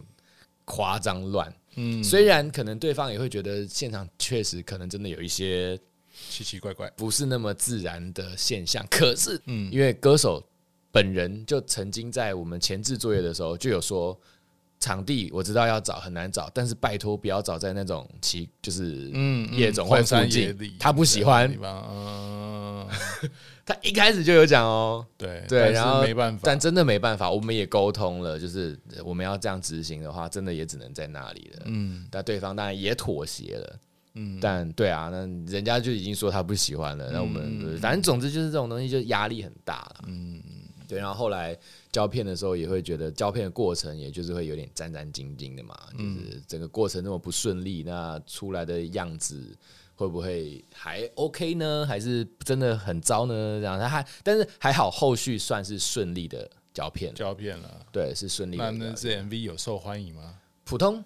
誇張亂。嗯，雖然可能對方也會覺得現場確實可能真的有一些奇奇怪怪、不是那麼自然的現象。可是，嗯，因為歌手本人就曾經在我們前置作業的時候就有說。場地我知道要找很難找，但是拜托不要找在那種其，就是嗯，夜總會附近。嗯嗯、他不喜歡。嗯，哦、 他一開始就有講哦、喔，對對，對，但是然後沒辦法，但真的沒辦法，我們也溝通了，就是我們要這樣執行的話，真的也只能在那裡了。嗯，但對方當然也妥協了。嗯，但對啊，那人家就已經說他不喜歡了，那我們、就是嗯、反正總之就是這種東西就壓力很大嗯。對，然後後來膠片的時候也會覺得膠片的過程，也就是會有點戰戰兢兢的嘛，嗯，就是整個過程那麼不順利，那出來的樣子會不會還 OK 呢？還是真的很糟呢？這樣，還但是還好，後續算是順利的膠片，膠片了，對，是順利的。那那支 MV 有受歡迎嗎？普通，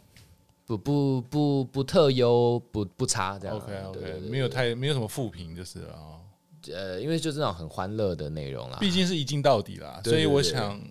不不不不特優，不不差，這樣 OK OK，對對對對對，沒有太沒有什麼負評就是了。呃，因為就這種很歡樂的內容啦，畢竟是一鏡到底啦。對對對，所以我想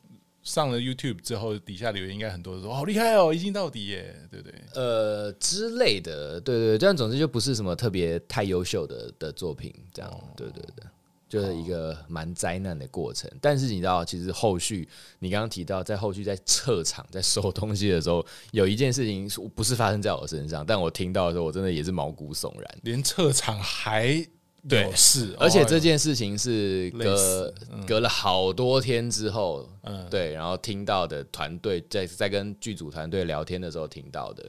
上了 YouTube 之後，底下留言應該很多人說好厲害哦，一鏡到底耶，對不對？呃之類的，對對對，但總之就不是什麼特別太優秀的的作品，這樣，哦，對對對，就是一個蠻災難的過程。哦，但是你知道，其實後續你剛剛提到，在後續在撤場在收東西的時候，有一件事情不是發生在我身上，但我聽到的時候，我真的也是毛骨悚然，連撤場還。對，是，而且這件事情是隔、嗯、隔了好多天之後，嗯、對，然後聽到的團隊在在跟劇組團隊聊天的時候聽到的。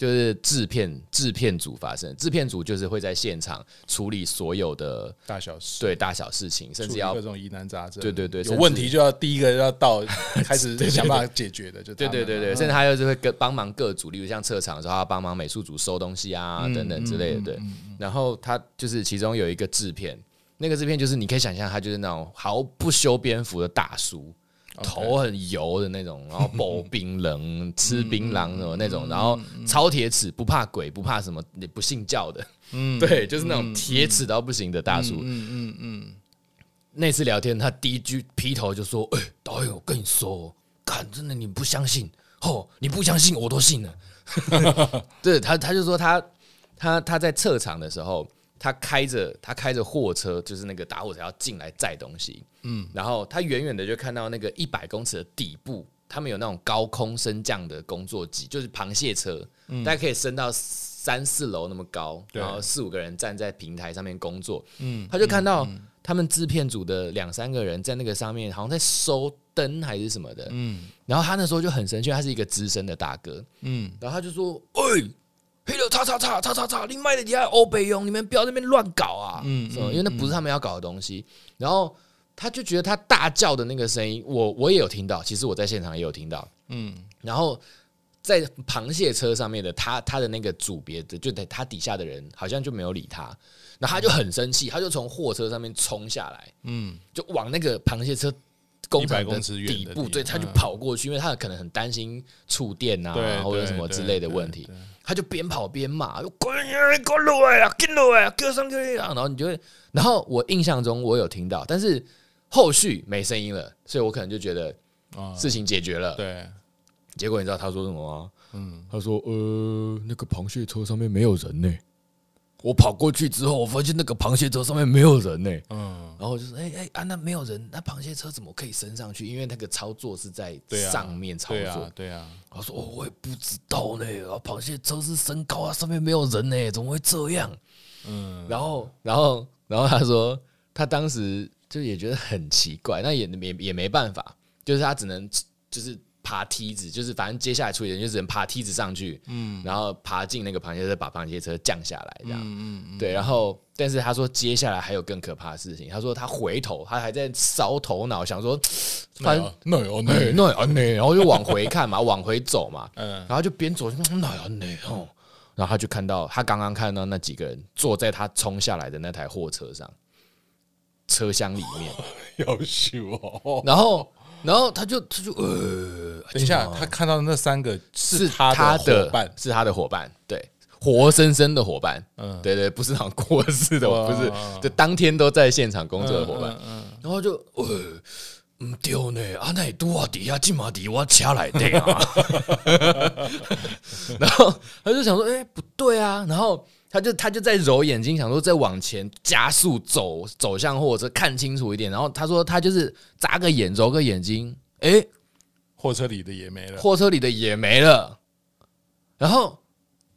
就是製片製片組發生，製片組就是會在現場處理所有的大小事，對大小事情，甚至要各種疑難雜症。對對對，有問題就要第一個要到開始想辦法解決的，就 對，對對對對。甚至他又就會各幫忙各組，例如像撤場的時候，他幫忙美術組收東西啊、嗯、等等之類的。對，嗯嗯嗯、然後他就是其中有一個製片，那個製片就是你可以想象，他就是那種毫不修邊幅的大叔。Okay 頭很油的那種，然後包檳榔、 吃檳榔什麼那種，然後超鐵齒，不怕鬼，不怕什麼，你不信教的， 對，就是那種鐵齒到不行的大叔。嗯嗯 那次聊天，他第一句劈頭就說：“哎、欸，導演，我跟你說看，真的你不相信？哦，你不相信，我都信了。 對”對他，他就說他他他在撤場的時候。他開着他開着貨車，就是那個打火車要進來載東西。嗯，然後他遠遠的就看到那個一百公尺的底部，他們有那種高空升降的工作機，就是螃蟹車，嗯、大概可以升到三四樓那麼高，對然後四五個人站在平台上面工作。嗯，他就看到他們製片組的兩三個人在那個上面，好像在收燈還是什麼的。嗯，然後他那時候就很生氣，他是一個資深的大哥。嗯，然後他就說：“哎。”嘿，喲，叉叉叉叉叉叉！另外的底下有歐北用，你們不要在那邊亂搞啊！嗯，因為那不是他們要搞的東西。嗯，然後他就覺得他大叫的那個聲音，我我也有聽到，其實我在現場也有聽到，嗯。然後在螃蟹車上面的他，他的那個組別的，就在他底下的人好像就沒有理他。然後他就很生氣，他就從貨車上面衝下來，嗯，就往那個螃蟹車公仔公司底部，一百公尺遠底部對，對，他就跑過去，因為他可能很擔心觸電啊，對或者什麼之類的問題。他就邊跑邊罵：“滾啊！滾出來啊！滾出來！各上各一樣。”然後你就會。然後我印象中我有聽到，但是後續沒聲音了，所以我可能就覺得事情解決了。對，結果你知道他說什麼嗎？他說：“呃，那個螃蟹車上面沒有人呢、欸。”我跑過去之後，我發現那個螃蟹車上面沒有人呢。嗯，然後就是哎哎啊，那沒有人，那螃蟹車怎麼可以升上去？因為那個操作是在上面操作，對啊。然後說：“我，哦，我也不知道呢。然後螃蟹車是升高啊，上面沒有人呢，怎麼會這樣？嗯，然後然後然後他說，他當時就也覺得很奇怪，那也也也沒辦法，就是他只能就是。”爬梯子就是，反正接下來處理人就是人爬梯子上去，嗯，然後爬進那個螃蟹車，把螃蟹車降下來，這樣，嗯嗯，嗯對。然後，但是他說接下來還有更可怕的事情。他說他回頭，他還在燒頭腦，想說，啊、反正那也、啊、安那也、啊、安、嗯、那、啊，那啊那啊、然後就往回看嘛， 往回走嘛，嗯，然後就邊走就那也安那哦， 然後他就看到他剛剛看到那幾個人坐在他衝下來的那台貨車上，車廂裡面有血， 然後。然後他就他就呃，接下來、啊、他看到那三個是他的夥伴是的，是他的夥伴，對，活生生的夥伴，嗯，對對，不是好像過世的，哦、不是，就當天都在現場工作的夥伴。嗯嗯嗯、然後就呃，嗯，丟呢，阿奈多啊，底下金馬迪，我掐來定啊。在在然後他就想說，哎、欸，不對啊，然後。他就他就在揉眼睛，想說再往前加速走，走向貨車，看清楚一點。然後他說他就是眨個眼揉個眼睛，哎、欸，貨車裡的也沒了，貨車裡的也沒了。然後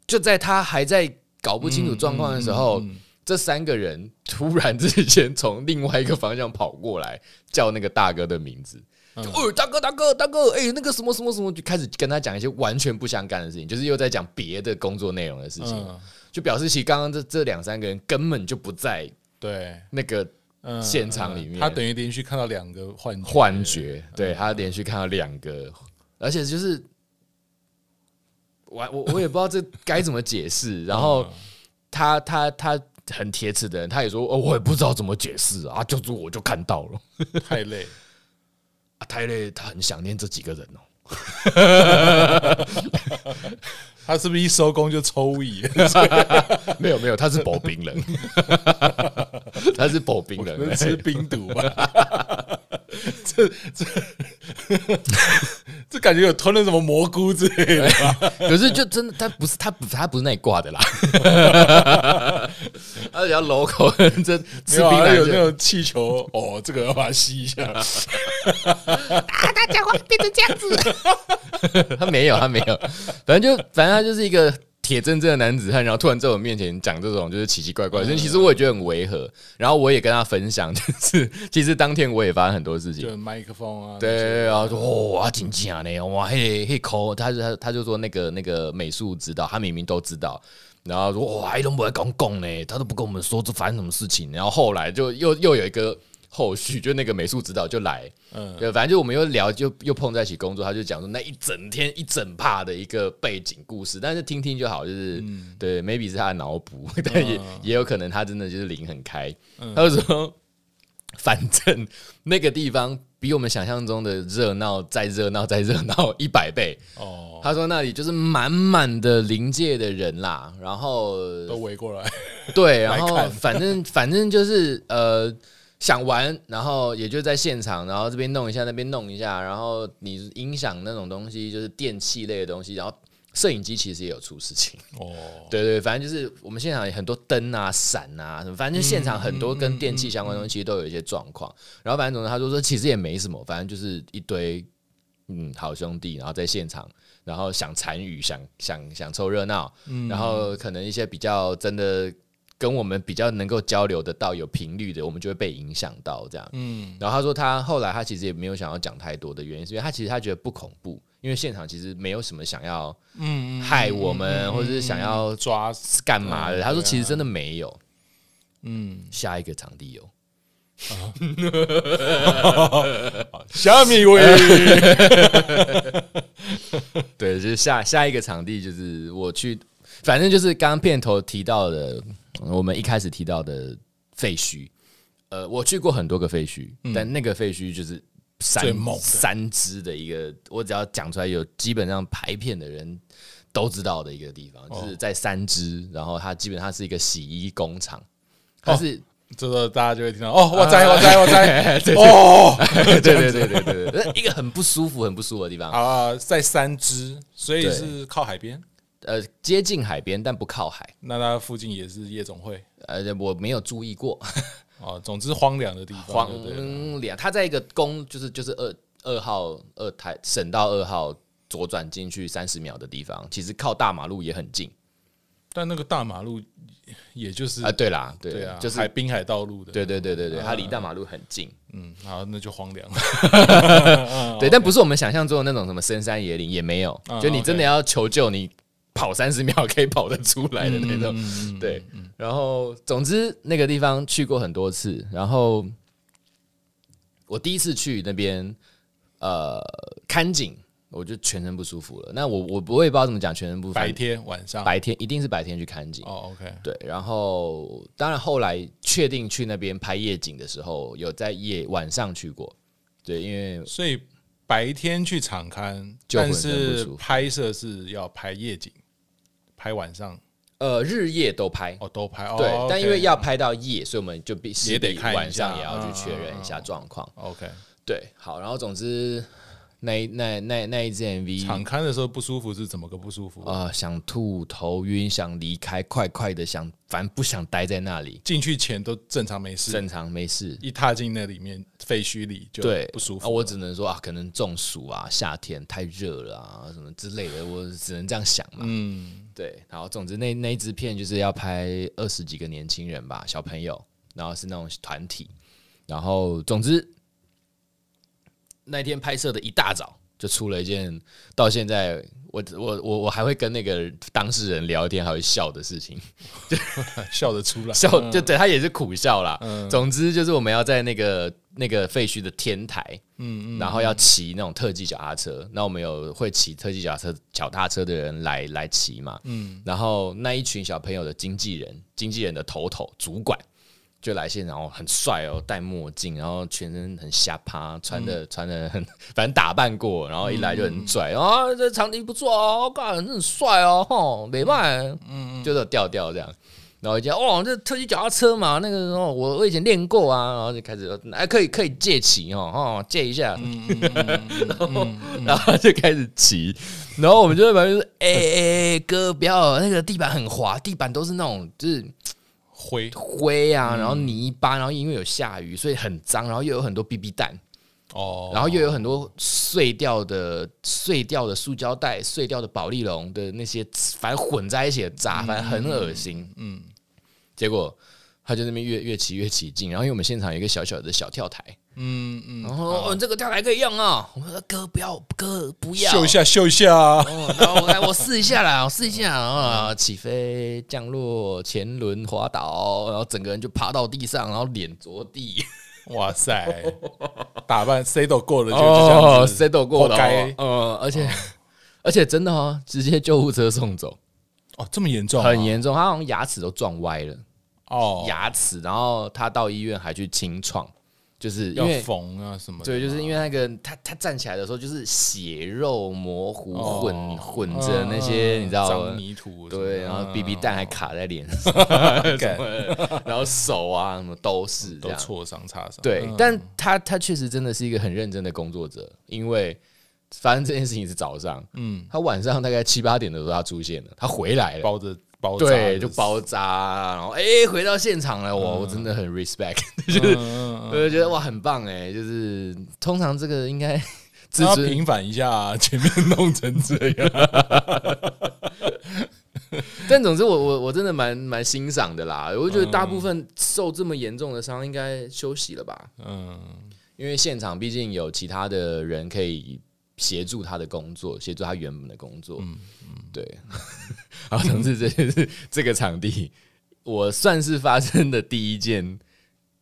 就在他還在搞不清楚狀況的時候，嗯嗯嗯、這三個人突然之間從另外一個方向跑過來，叫那個大哥的名字，就嗯、哦，大哥大哥大哥，哎、欸，那個什麼什麼什麼，就開始跟他講一些完全不相干的事情，就是又在講別的工作內容的事情。嗯嗯就表示其實剛剛這這兩三個人根本就不在對那個現場裡面、嗯嗯，他等於連續看到兩個幻幻覺，嗯嗯、對，他連續看到兩個，而且就是我我我也不知道這該怎麼解釋。然後他他他，他很鐵齒的人，他也說哦，我也不知道怎麼解釋啊，就就我就看到了，太累、啊、太累，他很想念這幾個人哦、喔。 他是不是一收工就抽煙？ 沒有沒有，他是保冰人， 他是保冰人，欸，是吃冰毒吧？ 這這 這感覺有吞了什麼蘑菇之類的。 可是就真的，他不是他不他不是那裡掛的啦。 他只要入口，這沒有有那種氣球哦，這個要把它吸一下。他大家伙變成這樣子。他沒有，他沒有，反正就反正。他就是一個鐵錚錚的男子漢，然後突然在我面前講這種就是奇奇怪怪的事，所、嗯、其實我也覺得很違和。然後我也跟他分享，就是其實當天我也發生很多事情，就麥克風啊，對啊，然後他說哇緊張嘞，哇，哇嘿嘿摳，他他他就說那個那個美術指導，他明明都知道，然後說，哇，你都不會講講呢，他都不跟我們說這發生什麼事情，然後後來就又又有一個。後續就那個美術指導就來，嗯，對，反正就我們又聊，就又，又碰在一起工作，他就講說那一整天一整趴的一個背景故事，但是聽聽就好，就是、嗯、對，maybe 是他的腦補，但也、哦、也有可能他真的就是靈很開，嗯、他就說，反正那個地方比我們想象中的熱鬧，再熱鬧，再熱鬧一百倍哦。他說那裡就是滿滿的靈界的人啦，然後都圍過來，對，然後反正反正就是呃。想玩，然後也就在現場，然後這邊弄一下，那邊弄一下，然後你音響那種東西，就是電器類的東西，然後攝影機其實也有出事情。哦，對對，反正就是我們現場有很多燈啊、閃啊什麼，反正就現場很多跟電器相關的東西其實都有一些狀況。然後反正總之，他就說其實也沒什麼，反正就是一堆嗯好兄弟，然後在現場，然後想參與，想想想湊熱鬧，嗯、然後可能一些比較真的。跟我們比較能夠交流得到有頻率的，我們就會被影響到這樣。嗯，然後他說他後來他其實也沒有想要講太多的原因，是因為他其實他覺得不恐怖，因為現場其實沒有什麼想要嗯害我們，或者是想要抓幹嘛的。他說其實真的沒有。嗯，下一個場地有下蝦米味？對，就是下下一個場地就是我去，反正就是剛剛片頭提到的。嗯、我們一開始提到的廢墟，呃，我去過很多個廢墟，嗯、但那個廢墟就是三最猛三芝的一個，我只要講出來，有基本上拍片的人都知道的一個地方，就是在三芝，哦、然後它基本上是一個洗衣工廠，但是這時候大家就會聽到哦，我在，我在，我在，哦，對對對對對對， 一個很不舒服、很不舒服的地方啊、呃，在三芝，所以是靠海邊。呃，接近海邊但不靠海，那它附近也是夜總會。呃，我沒有注意過。哦，總之荒涼的地方，荒涼。它在一個公、就是，就是就是二二號二台省道二號左轉進去三十秒的地方，其實靠大馬路也很近。但那個大馬路，也就是啊、呃，對啦，對啦，對啊，就是海濱海道路的，對對對對對，啊、它離大馬路很近。嗯，好，那就荒涼。 啊 okay、對，但不是我們想象中的那種什麼深山野嶺，也沒有。啊 okay、就你真的要求救你。跑三十秒可以跑得出來的那種，對。然後總之那個地方去過很多次，然後我第一次去那邊呃看景，我就全身不舒服了。那我我不會不知道怎麼講，全身不舒服。白天晚上，白天一定是白天去看景。哦，OK。對，然後當然後來確定去那邊拍夜景的時候，有在夜晚上去過。對，因為所以白天去場勘，就，但是拍攝是要拍夜景。拍晚上，呃，日夜都拍，哦，都拍，哦。對，但因為要拍到夜，嗯、所以我們就必須得晚上也要去確認一下狀況。OK，、嗯嗯嗯嗯、對，好，然後總之。那一那那那一支 MV，場勘的時候不舒服是怎麼個不舒服啊、呃？想吐、頭暈、想離開、快快的想，反正不想待在那裡。進去前都正常沒事，正常沒事。一踏進那裡面廢墟裡就對不舒服、啊。我只能說啊，可能中暑啊，夏天太熱了啊，什麼之類的，我只能這樣想嘛。 嗯，對。好，總之那那一支片就是要拍二十幾個年輕人吧，小朋友，然後是那種團體，然後總之。那天拍攝的一大早就出了一件，到現在我我我我還會跟那個當事人聊天，還會笑的事情， 笑得出來，笑就對他也是苦笑啦。總之就是我們要在那個那個廢墟的天台，嗯然後要騎那種特技腳踏車。那我們有會騎特技腳踏車腳踏車的人來來騎嘛，嗯，然後那一群小朋友的經紀人，經紀人的頭頭主管，就來現場，然後很帥哦、喔，戴墨鏡，然後全身很瞎趴，穿的穿的很，反正打扮過，然後一來就很拽，然、嗯喔、這場地不錯哦幹靠，很帥哦、喔，哈，美漫、嗯，嗯，就是調調這樣，然後一講，哦、喔、這特技腳踏車嘛，那個時候我我以前練過啊，然後就開始，哎、啊，可以可以借騎哦、喔，借一下，然後就開始騎，然後我們就在、就是把，正、欸、說，哎、欸、哎哥，不要，那個地板很滑，地板都是那種就是。灰灰啊，然後泥巴，然後因為有下雨，所以很髒，然後又有很多 BB 彈，哦，oh. 然後又有很多碎掉的碎掉的塑膠袋、碎掉的保麗龍的那些，反正混在一起砸，嗯、反正很噁心。嗯，嗯結果。他就那邊越越騎越起勁，然後因為我們現場有一個小小的小跳台，嗯嗯，然後這個跳台可以用啊，我說哥不要哥不要，秀一下秀一下啊，然後我來，我試一下啦，我試一下啊，起飛降落前輪滑倒，然後整個人就爬到地上，然後臉着地，哇塞，打扮摔都過了就這樣子，摔倒過了，活該，嗯，而且而且真的哦，直接救護車送走，哦這麼嚴重？很嚴重，他好像牙齒都撞歪了。牙齒，然後他到醫院還去清創，就是要縫啊什麼？對，就是因為那個他他站起來的時候，就是血肉模糊混混着那些你知道泥土，對，然後 BB 彈還卡在臉上，然後手啊什麼都是都挫傷擦傷。對，但他他確實真的是一個很認真的工作者，因為反正這件事情是早上，嗯，他晚上大概七八點的時候他出現了，他回來了，包着。對，就包紮，然後哎、欸，回到現場了，我、嗯、我真的很 respect，就是嗯嗯嗯嗯，我就覺得哇，很棒哎，就是通常這個應該他平反一下，前面弄成這樣， 但總之我我我真的蠻蠻欣賞的啦，我覺得大部分受這麼嚴重的傷應該休息了吧，嗯，嗯，因為現場畢竟有其他的人可以。協助他的工作，協助他原本的工作。嗯，嗯對。然後，同時，這就是這個場地，我算是發生的第一件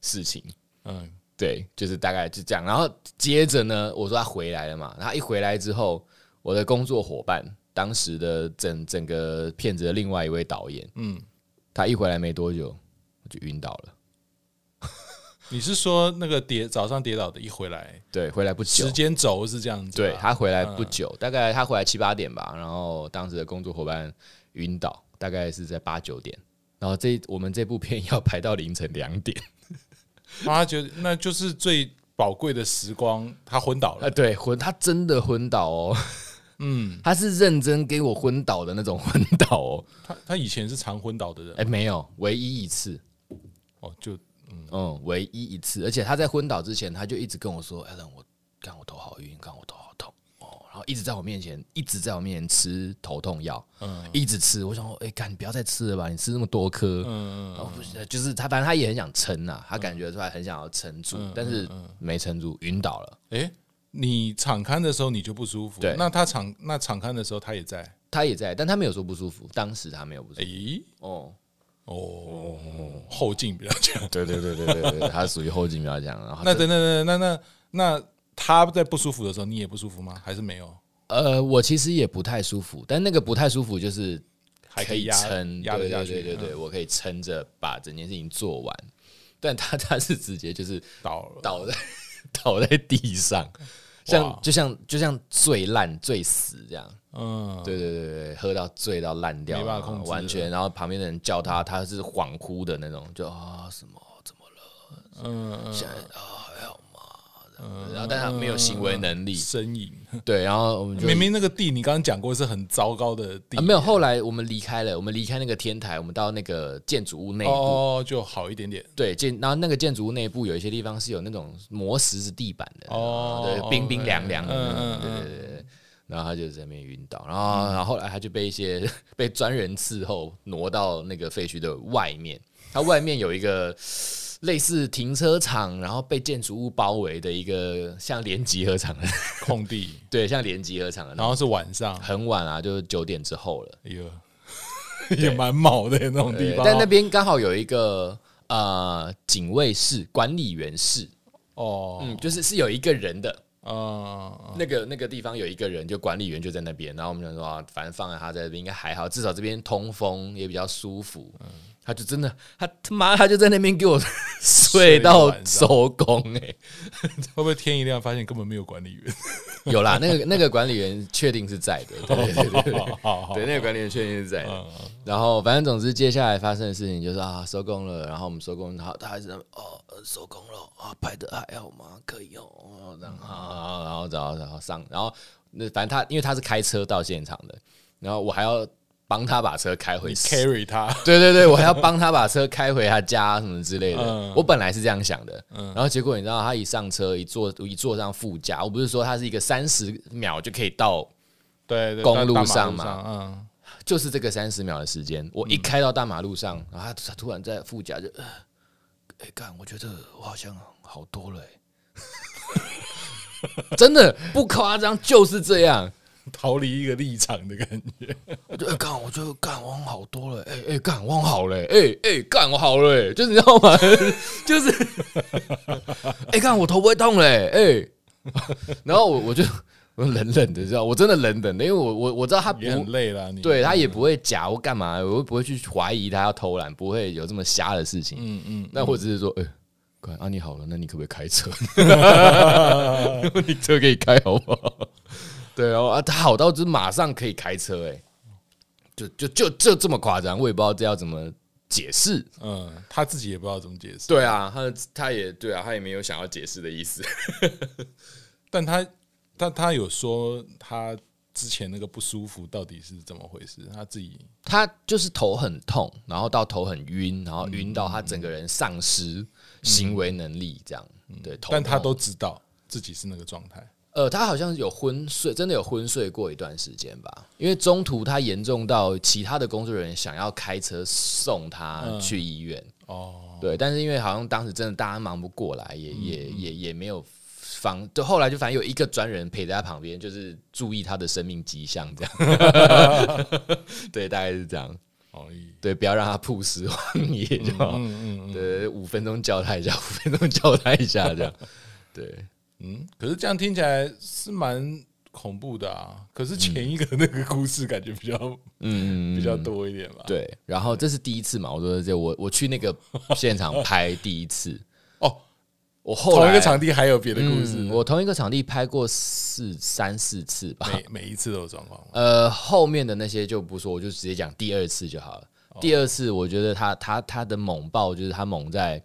事情。嗯，對，就是大概就這樣。然後接着呢，我說他回來了嘛。然後一回來之後，我的工作夥伴，當時的整整個片子的另外一位導演，嗯，他一回來沒多久，我就暈倒了。你是說那個跌，早上跌倒的一回來？對，回來不久，時間軸是這樣子。對他回來不久，嗯、大概他回來七八點吧，然後當時的工作夥伴暈倒，大概是在八九點，然後這我們這部片要排到凌晨兩點。啊，就那就是最寶貴的時光，他昏倒了。哎、啊，對，昏，他真的昏倒哦。 嗯，他是認真給我昏倒的那種昏倒哦。他他以前是常昏倒的人？哎、欸，沒有，唯一一次。哦，就。嗯，唯一一次，而且他在昏倒之前，他就一直跟我說：“Allan，、欸、我幹我頭好暈，幹我頭好痛哦。喔”然後一直在我面前，一直在我面前吃頭痛藥，嗯，一直吃。我想說，哎、欸，幹，你不要再吃了吧，你吃那麼多顆，嗯嗯，就是他，反正他也很想撐吶、啊，他感覺出來很想要撐住，嗯、但是沒撐住，暈倒了。哎、欸，你場勘的時候你就不舒服，對那他場，那場勘的時候他也在，他也在，但他沒有說不舒服，當時他沒有不舒服。咦、欸，哦。喔哦，oh, 嗯、後勁比較強。對對對對對對，他屬於後勁比較強。 然後那等等等，那那那，那他在不舒服的時候，你也不舒服嗎？還是沒有？呃，我其實也不太舒服，但那個不太舒服就是可還可以撐，撐壓得下去，對對對對對，我可以撐着把整件事情做完。但他他是直接就是倒在倒在了倒在地上，像哇就像就像最爛最死這樣。嗯，對對對對喝到醉到爛掉，沒辦法控制，完全。然後旁邊的人叫他，他是恍惚的那種，就啊什麼怎麼了？嗯，啊還好嘛。然後但他沒有行為能力，身影。對，然後我們就。明明那個地你剛剛講過是很糟糕的地，沒有。後來我們離開了，我們離開那個天台，我們到那個建築物內部，就好一點點。對，建然後那個建築物內部有一些地方是有那種磨石子地板的，哦，對，冰冰涼涼的。嗯對對。然後他就在那邊暈倒，然後然後後來他就被一些被專人伺候，挪到那個廢墟的外面。他外面有一個類似停車場，然後被建築物包圍的一個像連集合場的空地，對，像連集合場的，然後是晚上，很晚啊，就是九點之後了。有，也蠻毛的那種地方。但那邊剛好有一個呃警衛室、管理員室。哦，嗯，就是是有一個人的。哦，哦那個那個地方有一個人，就管理員就在那邊。然後我們想說，啊，反正放在他在這邊應該還好，至少這邊通風也比較舒服。嗯他就真的，他他媽他就在那邊給我睡 到收工哎，會不會天一亮發現根本沒有管理員？有啦，那個那個管理員確定是在的，對對對對，對對，那個管理員確定是在的。然後反正總之接下來發生的事情就是啊，收工了，然後我們收工，他他還是哦，收工了啊，拍的還好嗎？可以哦，然後然後然後然後然後上，然後那反正他因為他是開車到現場的，然後我還要。幫他把車開回去，carry 他，對對對，我還要幫他把車開回他家什麼之類的。嗯、我本來是這樣想的，然後結果你知道，他一上車一坐一坐上副駕，我不是說他是一個三十秒就可以到對公路上嘛，對對對，大馬路上，嗯，就是這個三十秒的時間，我一開到大馬路上，然後他突然在副駕就哎幹，我覺得我好像好多了。欸， 真的不誇張，就是這樣。逃離一個立場的感覺我、欸，我就幹，我就幹，我好多了，哎、欸、哎，幹、欸、我好了，哎、欸、哎，幹、欸、我好了，哎，就是你知道嗎？就是，哎、 欸，幹我頭不會痛嘞，哎、欸，然後我我就我冷冷的，知道？我真的冷冷的，因為我我我知道他不很累了，對他也不會假我幹嘛，我不會去懷疑他要偷懶，不會有這麼瞎的事情。嗯嗯，那、嗯、或者是說，哎、嗯欸，啊，你好了，那你可不可以開車？ 你車可以開，好不好？對、哦、啊，他好到是馬上可以開車、欸，哎，就就就，就這麼誇張，我也不知道這要怎麼解釋。嗯，他自己也不知道怎麼解釋。對啊，他他也對啊，他也沒有想要解釋的意思。 但他但他，他有說他之前那個不舒服到底是怎麼回事？他自己他就是頭很痛，然後到頭很暈，然後暈到他整個人喪失行為能力這樣。嗯、對，頭但他都知道自己是那個狀態。呃，他好像有昏睡，真的有昏睡過一段時間吧？因為中途他嚴重到其他的工作人員想要開車送他去醫院，嗯、哦。對，但是因為好像當時真的大家忙不過來，也、嗯、也也也沒有防，就後來就反正有一個專人陪在他旁邊，就是注意他的生命跡象這樣。 對，大概是這樣。意對，不要讓他曝屍荒野就好嗯嗯，嗯，嗯對五分鐘叫他一下，五分鐘叫他一下，這樣對。嗯，可是這樣聽起來是蠻恐怖的啊。可是前一個那個故事感覺比較嗯比較多一點吧。對，然後這是第一次嘛，我說這我我去那個現場拍第一次 哦，我後同一個場地還有別的故事、嗯，我同一個場地拍過四三四次吧，每每一次都有狀況。呃，後面的那些就不說，我就直接講第二次就好了。哦、第二次我覺得他他他的猛爆就是他猛在，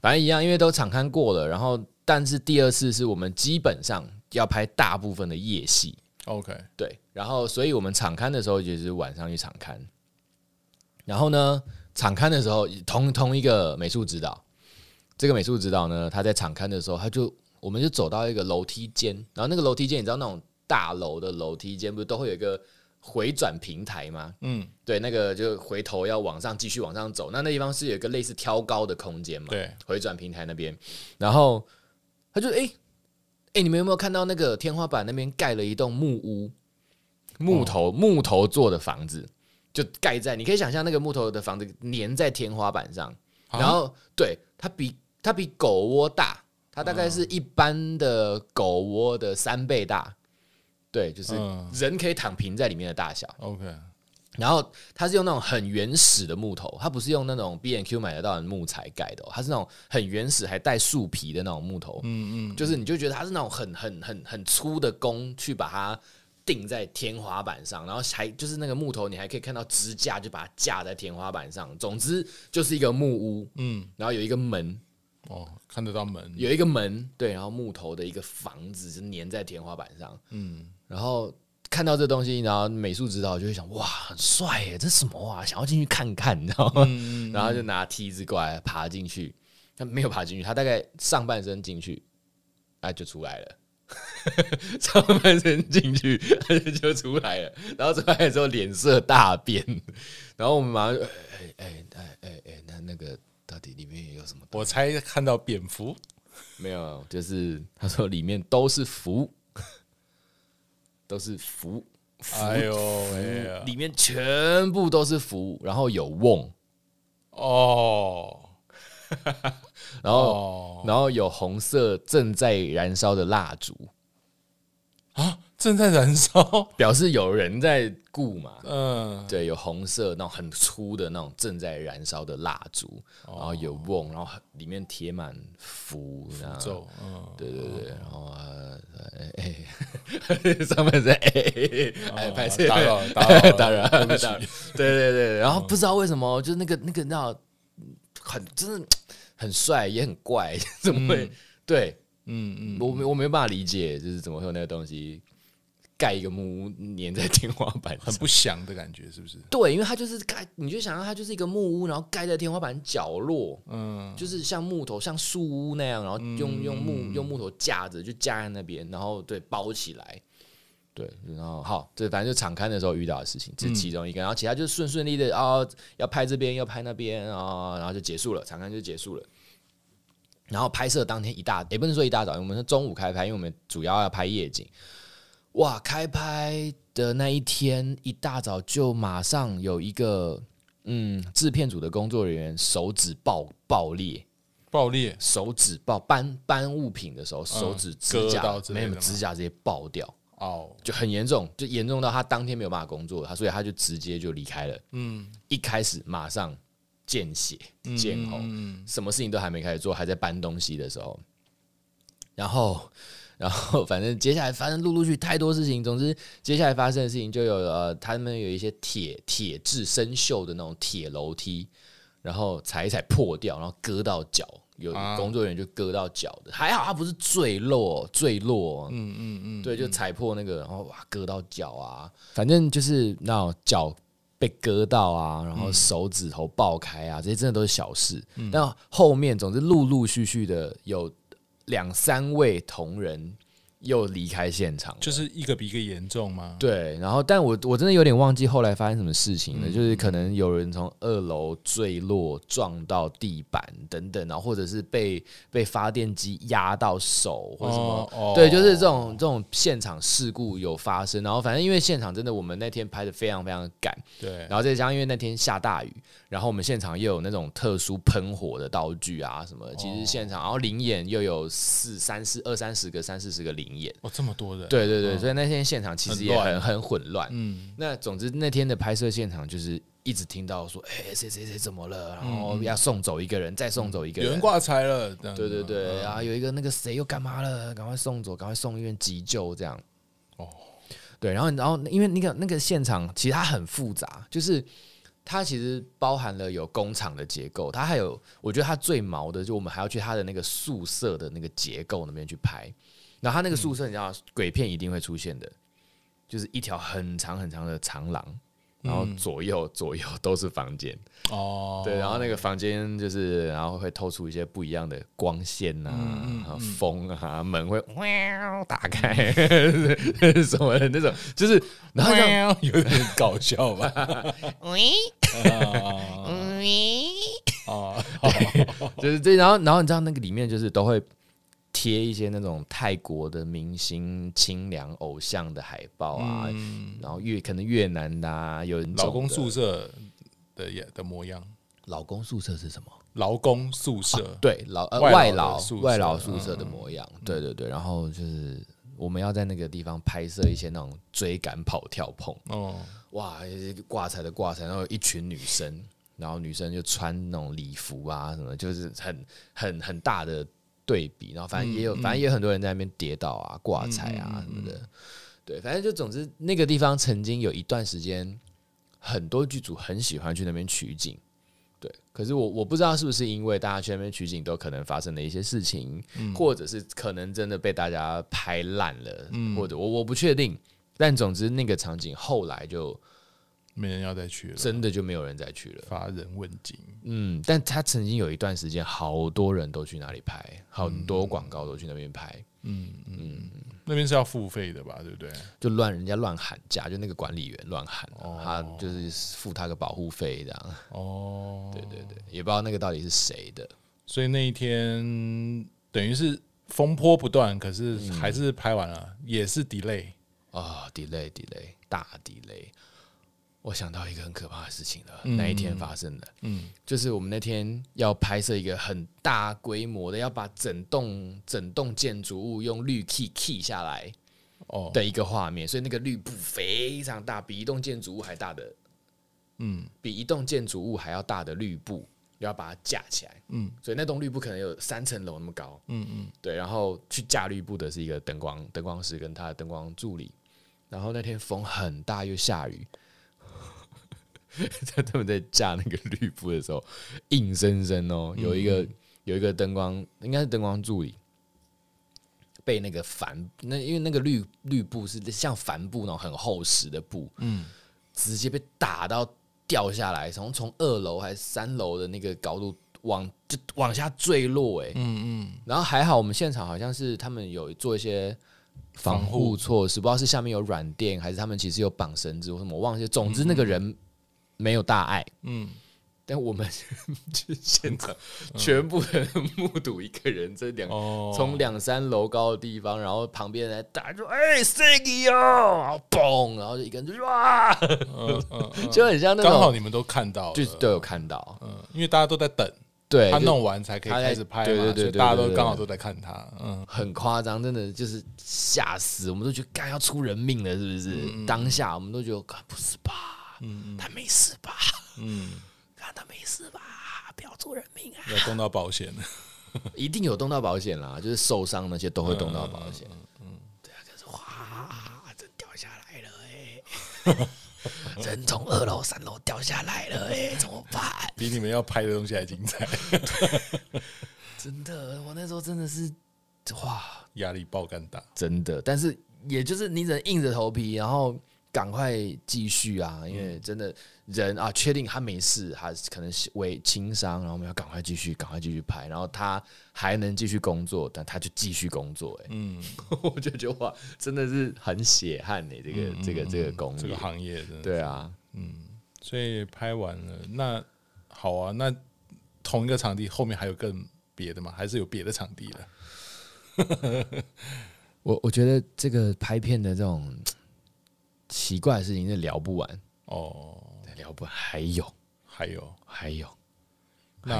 反正一樣，因為都場勘過了，然後。但是第二次是我們基本上要拍大部分的夜戲，OK，對，然後所以我們場勘的時候就是晚上去場勘，然後呢，場勘的時候同同一個美術指導，這個美術指導呢，他在場勘的時候，他就我們就走到一個樓梯間，然後那個樓梯間你知道那種大樓的樓梯間不是都會有一個回轉平台嗎？嗯，對，那個就回頭要往上繼續往上走，那那地方是有一個類似挑高的空間嘛？對，回轉平台那邊，然後。他就哎，哎、欸欸，你們有沒有看到那個天花板那邊蓋了一棟木屋？木頭、哦、木頭做的房子，就蓋在你可以想象那個木頭的房子粘在天花板上，啊、然後，對，它比它比狗窩大，它大概是一般的狗窩的三倍大。嗯、對，就是人可以躺平在裡面的大小。嗯、OK。然後它是用那種很原始的木頭，它不是用那種 B&Q 買得到的木材蓋的，哦，它是那種很原始還帶樹皮的那種木頭。嗯嗯，嗯，就是你就覺得它是那種很很很很粗的弓去把它釘在天花板上，然後還就是那個木頭你還可以看到支架，就把它架在天花板上。總之就是一個木屋，嗯，然後有一個門，哦，看得到門，有一個門，對，然後木頭的一個房子是粘在天花板上，嗯，然後。看到這東西，然後美術指導就會想：哇，很帥耶！這什麼啊？想要進去看看，然後，嗯嗯、然後就拿梯子過來爬進去，他沒有爬進去，他大概上半身進去，他、啊、就出來了。 上半身進去，哦、 就出來了。然後出來之後臉色大變，然後我們馬上就：哎哎哎哎哎，那那個到底裡面有什麼東西？我猜看到蝙蝠，沒有，就是他說裡面都是蝠。都是符，哎呦哎呀，裡面全部都是符，然後有甕哦，哈哈然後、哦、然後有紅色正在燃燒的蠟燭、啊正在燃燒，表示有人在顧嘛？嗯，對，有紅色那種很粗的那種正在燃燒的蠟燭，然後有甕，然後裡面貼滿符那種。對對對，然後上面在哎哎，拍錯，打擾打擾打擾，對不起，對對對，然後不知道為什麼，就是那個那個那很真的很帥，也很怪，怎麼會？對，嗯嗯，我沒我沒辦法理解，就是怎麼會有那個東西。蓋一個木屋，粘在天花板上，很不祥的感覺，是不是？對，因為它就是蓋，你就想像它就是一個木屋，然後蓋在天花板角落，嗯，就是像木頭、像樹屋那樣，然後用、嗯、用木用木頭架着，就架在那邊，然後對，包起來，對，然後好，這反正就場勘的時候遇到的事情，這是其中一個，嗯、然後其他就順順利的，哦，要拍這邊，要拍那邊啊、哦，然後就結束了，場勘就結束了。然後拍攝當天一大，也、欸、不能說一大早，我們是中午開拍，因為我們主要要，要拍夜景。哇！開拍的那一天，一大早就馬上有一個，嗯，製片組的工作人員手指爆爆裂，爆裂，爆裂手指爆搬搬物品的時候，手指，嗯，指甲沒有指甲直接爆掉，哦，就很嚴重，就嚴重到他當天沒有辦法工作，他所以他就直接就離開了。嗯，一開始馬上見血見紅，嗯，什麼事情都還沒開始做，還在搬東西的時候，然後。然後，反正接下來發生陸陸續續太多事情，總之接下來發生的事情就有呃，他們有一些鐵鐵質生銹的那種鐵樓梯，然後踩一踩破掉，然後割到腳，有工作人員就割到腳的，啊嗯、還好他不是墜落，墜落，嗯嗯嗯，嗯嗯對，就踩破那個，然後哇，割到腳啊，反正就是那種腳被割到啊，然後手指頭爆開啊，嗯、這些真的都是小事。但、嗯、後面總之陸陸續續的有，兩三位同仁，又離開現場，就是一個比一個嚴重嗎？對，然後，但我我真的有點忘記後來發生什麼事情了，嗯嗯，就是可能有人從二樓墜落撞到地板等等，然後或者是被被發電機壓到手或什麼，哦、對，就是這種、哦、這種現場事故有發生。然後，反正因為現場真的我們那天拍的非常非常趕，對，然後再加上因為那天下大雨，然後我們現場又有那種特殊噴火的道具啊什麼，其實現場然後臨演又有四三四二三十個三四十個臨。哦，這麼多人！對對對，嗯、所以那天現場其實也很、嗯、很混亂。嗯，那總之那天的拍攝現場就是一直聽到說，哎、欸，誰誰誰怎麼了，然後要送走一個人，嗯、再送走一個人，嗯、人掛彩了。對對對，嗯、然後有一個那個誰又幹嘛了，趕快送走，趕快送醫院急救這樣。哦，對，然後然後因為那個那個現場其實它很複雜，就是它其實包含了有工廠的結構，它還有我覺得它最毛的，就我們還要去它的那個宿舍的那個結構那邊去拍。然後他那個宿舍，你知道，鬼片一定會出現的，就是一條很長很長的長廊，然後左右左右都是房間哦，對，然後那個房間就是，然後會透出一些不一樣的光線啊，風啊，門會喵打開，什麼的那種，就是然後有點搞笑吧，喂，哦，喂，哦，就是這，然後然後你知道那個裡面就是都會。貼一些那種泰國的明星、清涼偶像的海報啊、嗯，然後越可能越南，啊、有種種的有人老公宿舍的也的模樣。老公宿舍是什麼？勞工宿舍，啊。對，老、呃、外勞外勞宿舍的模樣。嗯嗯嗯，對對對。然後就是我們要在那個地方拍攝一些那種追趕、跑、跳、碰。哦，嗯嗯，哇，掛彩的掛彩，然後有一群女生，然後女生就穿那種禮服啊，什麼，就是很很很大的。對比，然後反正也有，嗯嗯、反正也有很多人在那邊跌倒啊、掛彩啊什麼、嗯嗯、的。對，反正就總之那個地方曾經有一段時間，很多劇組很喜歡去那邊取景。對，可是我我不知道是不是因為大家去那邊取景都可能發生了一些事情，嗯、或者是可能真的被大家拍爛了，嗯、或者我我不確定。但總之那個場景後來就。沒人要再去了，真的就沒有人再去了，乏人問津。嗯，但他曾經有一段時間，好多人都去那裡拍，好多廣告都去那邊拍。嗯嗯，嗯嗯，那邊是要付費的吧，對不對？就亂人家亂喊價，就那個管理員亂喊、啊，哦、他就是付他個保護費這樣。哦，對對對，也不知道那個到底是誰的。所以那一天等於是風波不斷，可是還是拍完了，嗯、也是 delay 啊、哦、delay delay 大 delay。我想到一個很可怕的事情了，那、嗯、一天發生的，嗯，就是我們那天要拍攝一個很大規模的，要把整棟整棟建築物用綠 key key 下來，哦，的一個畫面，哦、所以那個綠布非常大，比一棟建築物還大的，嗯，比一棟建築物還要大的綠布，要把它架起來，嗯，所以那棟綠布可能有三層樓那麼高，嗯，嗯對，然後去架綠布的是一個燈光燈光師跟他的燈光助理，然後那天風很大又下雨。 他們在架那個綠布的時候，硬生生哦、喔，有一個有一個燈光，應該是燈光助理，被那個帆那因為那個綠綠布是像帆布那種很厚實的布，嗯，直接被打到掉下來，從從二樓還是三樓的那個高度往就往下墜落，哎，嗯嗯，然後還好我們現場好像是他們有做一些防護措施，不知道是下面有軟墊還是他們其實有綁繩子或什麼，忘記了。總之那個人。嗯嗯沒有大礙，嗯，但我們去現場，全部人目睹一個人，這兩從兩三樓高的地方，然後旁邊來打住，哎 sexy 哦，好、欸、嘣、喔！”然後就一個人就哇，嗯嗯嗯、就很像那種。剛好你們都看到了，就都有看到，嗯，因為大家都在等，對他弄完才可以開始拍，對對對、對、對、對、對、對、對，大家都剛好都在看他，嗯，很誇張，真的就是嚇死，我們都覺得該要出人命了，是不是？嗯、當下我們都覺得不是吧。嗯，他沒事吧？嗯，看他沒事吧，不要出人命啊！要動到保險，一定有動到保險啦，就是受傷那些都會動到保險、嗯。嗯，嗯對啊，就是哇，真掉下來了哎、欸！ 人從二樓、三樓掉下來了哎、欸，怎麼辦？比你們要拍的東西還精彩！真的，我那時候真的是哇，壓力爆肝大，真的。但是也就是你只能硬着頭皮，然後。趕快繼續啊！因為真的人啊，確定他沒事，他可能微輕傷，然後我們要趕快繼續，趕快繼續拍。然後他還能繼續工作，但他就繼續工作、欸。嗯， 我就覺得哇，真的是很血汗呢、欸。這個、嗯、這個這個工這個行業真的對啊，嗯。所以拍完了，那好啊，那同一個場地後面還有更別的嗎？還是有別的場地的？ 我我覺得這個拍片的這種。奇怪的事情是聊不完哦，聊不完，還有還有還有，那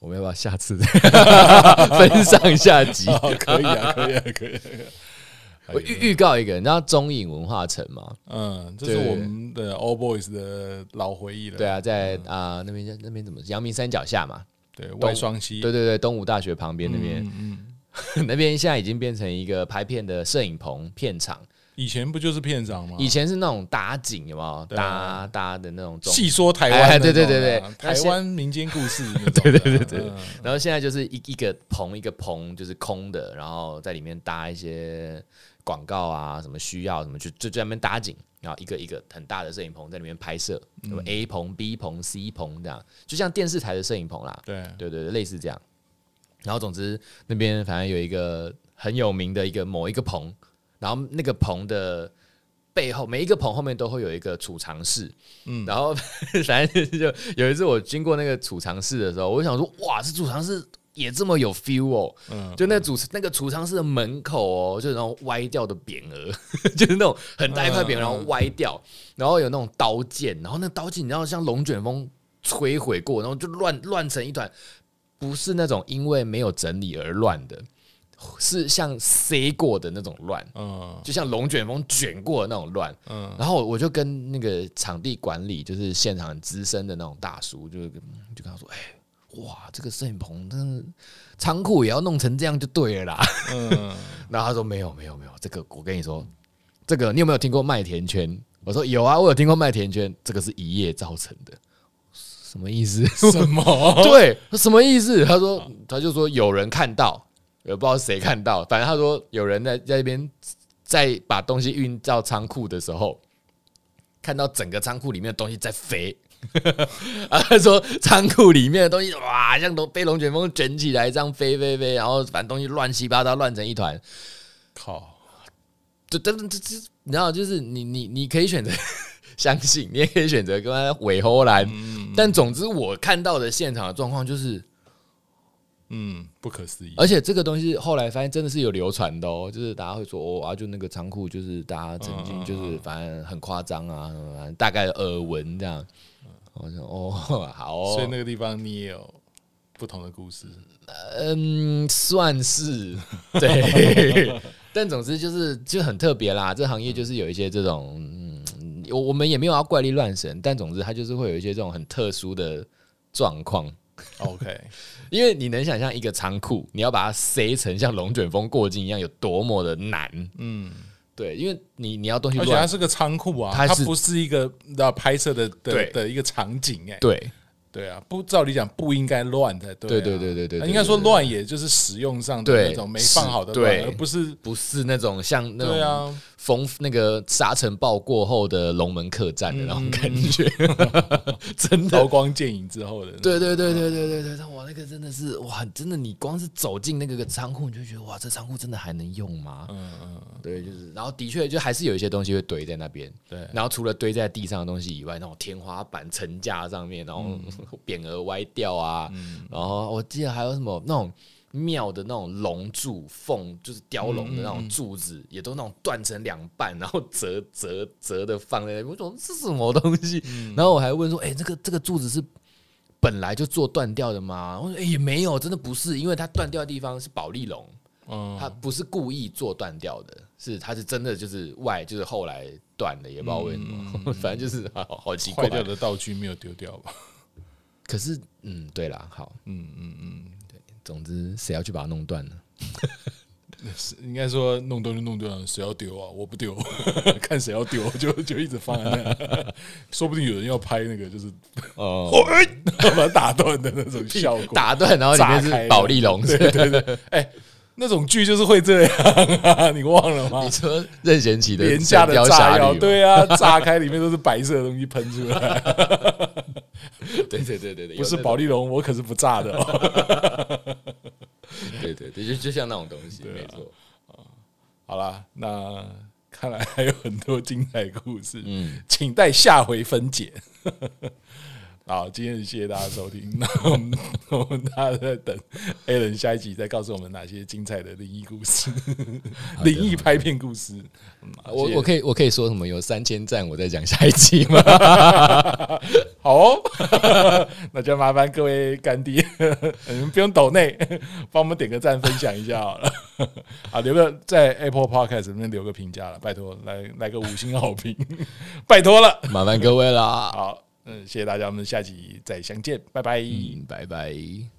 我們要不要下次分上下集？可以啊，可以啊，可以。我預預告一個，你知道中影文化城嗎？嗯，這是我們的 All Boys 的老回憶了。對啊，在啊那邊，那邊怎麼陽明山腳下嘛？對，外雙溪，對對對，東吳大學旁邊那邊，嗯，那邊現在已經變成一個拍片的攝影棚片場。以前不就是片場嗎？以前是那種搭景，有沒有搭對搭的那種,種，戲說台灣、啊。哎哎對對對台灣民間故事、啊。對對對對，嗯、然後現在就是一一個棚一個棚，就是空的，然後在裡面搭一些廣告啊，什麼需要什麼去就專門搭景，然後一個一個很大的攝影棚在裡面拍攝，什麼、嗯、A 棚、B 棚、C 棚這樣，就像電視台的攝影棚啦。對,對對對，類似這樣。然後總之那邊反正有一個很有名的一個某一個棚。然後那個棚的背後，每一個棚後面都會有一個儲藏室。嗯，然後然後就有一次我經過那個儲藏室的時候，我就想說，哇，這儲藏室也這麼有 feel 哦。嗯，就那儲、嗯、那個儲藏室的門口哦，就那種歪掉的匾額， 就是那種很大一塊匾額，嗯、然後歪掉，嗯、然後有那種刀劍，然後那刀劍你知道像龍捲風摧毀過，然後就亂亂成一團，不是那種因為沒有整理而亂的。是像誰過的那種亂，嗯，嗯，嗯、就像龍捲風捲過的那種亂，嗯。然後我就跟那個場地管理，就是現場資深的那種大叔，就就跟他說：“哎、欸，哇，這個攝影棚、倉庫也要弄成這樣就對了啦。”嗯，嗯。 然後他說：“沒有，沒有，沒有，這個我跟你說，這個你有沒有聽過麥田圈？”我說：“有啊，我有聽過麥田圈。”這個是一夜造成的，什麼意思？什麼？ 對，什麼意思？他說：“他就說有人看到。”也不知道誰看到，反正他說有人在在那邊在把東西運到倉庫的時候，看到整個倉庫裡面的東西在飛。 他說倉庫裡面的東西哇，像龍被龍捲風捲起來這樣飛飛飛，然後反正東西亂七八糟，亂成一團。靠！這這這這，然後就是你你你可以選擇相信，你也可以選擇跟他尾後來。嗯、但總之，我看到的現場的狀況就是。嗯，不可思議。而且這個東西後來發現真的是有流傳的哦、喔，就是大家會說、哦，啊，就那個倉庫，就是大家曾經就是反正很誇張啊，什麼大概耳聞這樣。我想哦，好哦，嗯、所以那個地方你也有不同的故事。嗯，算是對， 但總之就是就很特別啦。這行業就是有一些這種，我、嗯、我們也沒有要怪力亂神，但總之它就是會有一些這種很特殊的狀況。OK，因為你能想象一個倉庫，你要把它塞成像龍捲風過境一樣，有多麼的難。嗯，對，因為你你要東西亂，而且它是個倉庫啊，是它不是一個要拍攝的的對的一個場景哎、欸。對對啊，不照理講不應該亂的。對對對對對，應該說亂也就是使用上的那種沒放好的對，而不是不是那種像那種。風那個沙塵暴過後的龍門客棧的那種感覺，真刀光劍影之後的。對對對對對對對，哇，那個真的是哇，真的你光是走進那個倉庫，你就覺得哇，這倉庫真的還能用嗎？嗯嗯，嗯對，就是，然後的確就還是有一些東西會堆在那邊。對，然後除了堆在地上的東西以外，那種天花板層架上面，然後匾額歪掉啊，嗯、然後我記得還有什麼那種。廟的那種龍柱、鳳就是雕龍的那種柱子，嗯、也都那種斷成兩半，然後折折折的放在那邊。我說這是什麼東西？嗯、然後我還問說：“哎、欸，這個這個柱子是本來就做斷掉的嗎？”我說：“哎、欸，也沒有，真的不是，因為它斷掉的地方是保麗龍，嗯、它不是故意做斷掉的，是它是真的就是外就是後來斷的，也不知道為什麼，嗯、反正就是、嗯、好好，好奇怪。壞掉的道具沒有丟掉吧？可是，嗯，對啦，好，嗯嗯嗯。嗯嗯總之，誰要去把它弄斷呢？應該說弄斷就弄斷，誰要丟啊？我不丟， 看誰要丟，就就一直放在那。 說不定有人要拍那個，就是哦，打斷的那種效果，打斷然後裡面是寶麗龍，對對對，哎、 欸，那種劇就是會這樣、啊，你忘了嗎？你說任賢齊的廉價的炸藥，對啊，炸開裡面都是白色的東西噴出來。 對對對對不是保利龍，我可是不炸的、喔。 對對對，就就像那種東西，啊、沒錯、嗯、好了，嗯、那看來還有很多精彩故事，嗯、請待下回分解。呵呵好，今天謝謝大家收聽。那我們，我們大家在等 Allan 下一集再告訴我們哪些精彩的靈異故事、靈異拍片故事。我謝謝我可以我可以說什麼？有三千讚，我再講下一集嗎？ 好、哦， 那就麻煩各位乾爹，你們不用抖內，幫我們點個讚，分享一下好了。啊，留個在 Apple Podcast 裡面留個評價了，拜託來來個五星好評， 拜託了，麻煩各位啦。好。嗯，謝謝大家，我們下集再相見，拜拜，嗯、拜拜。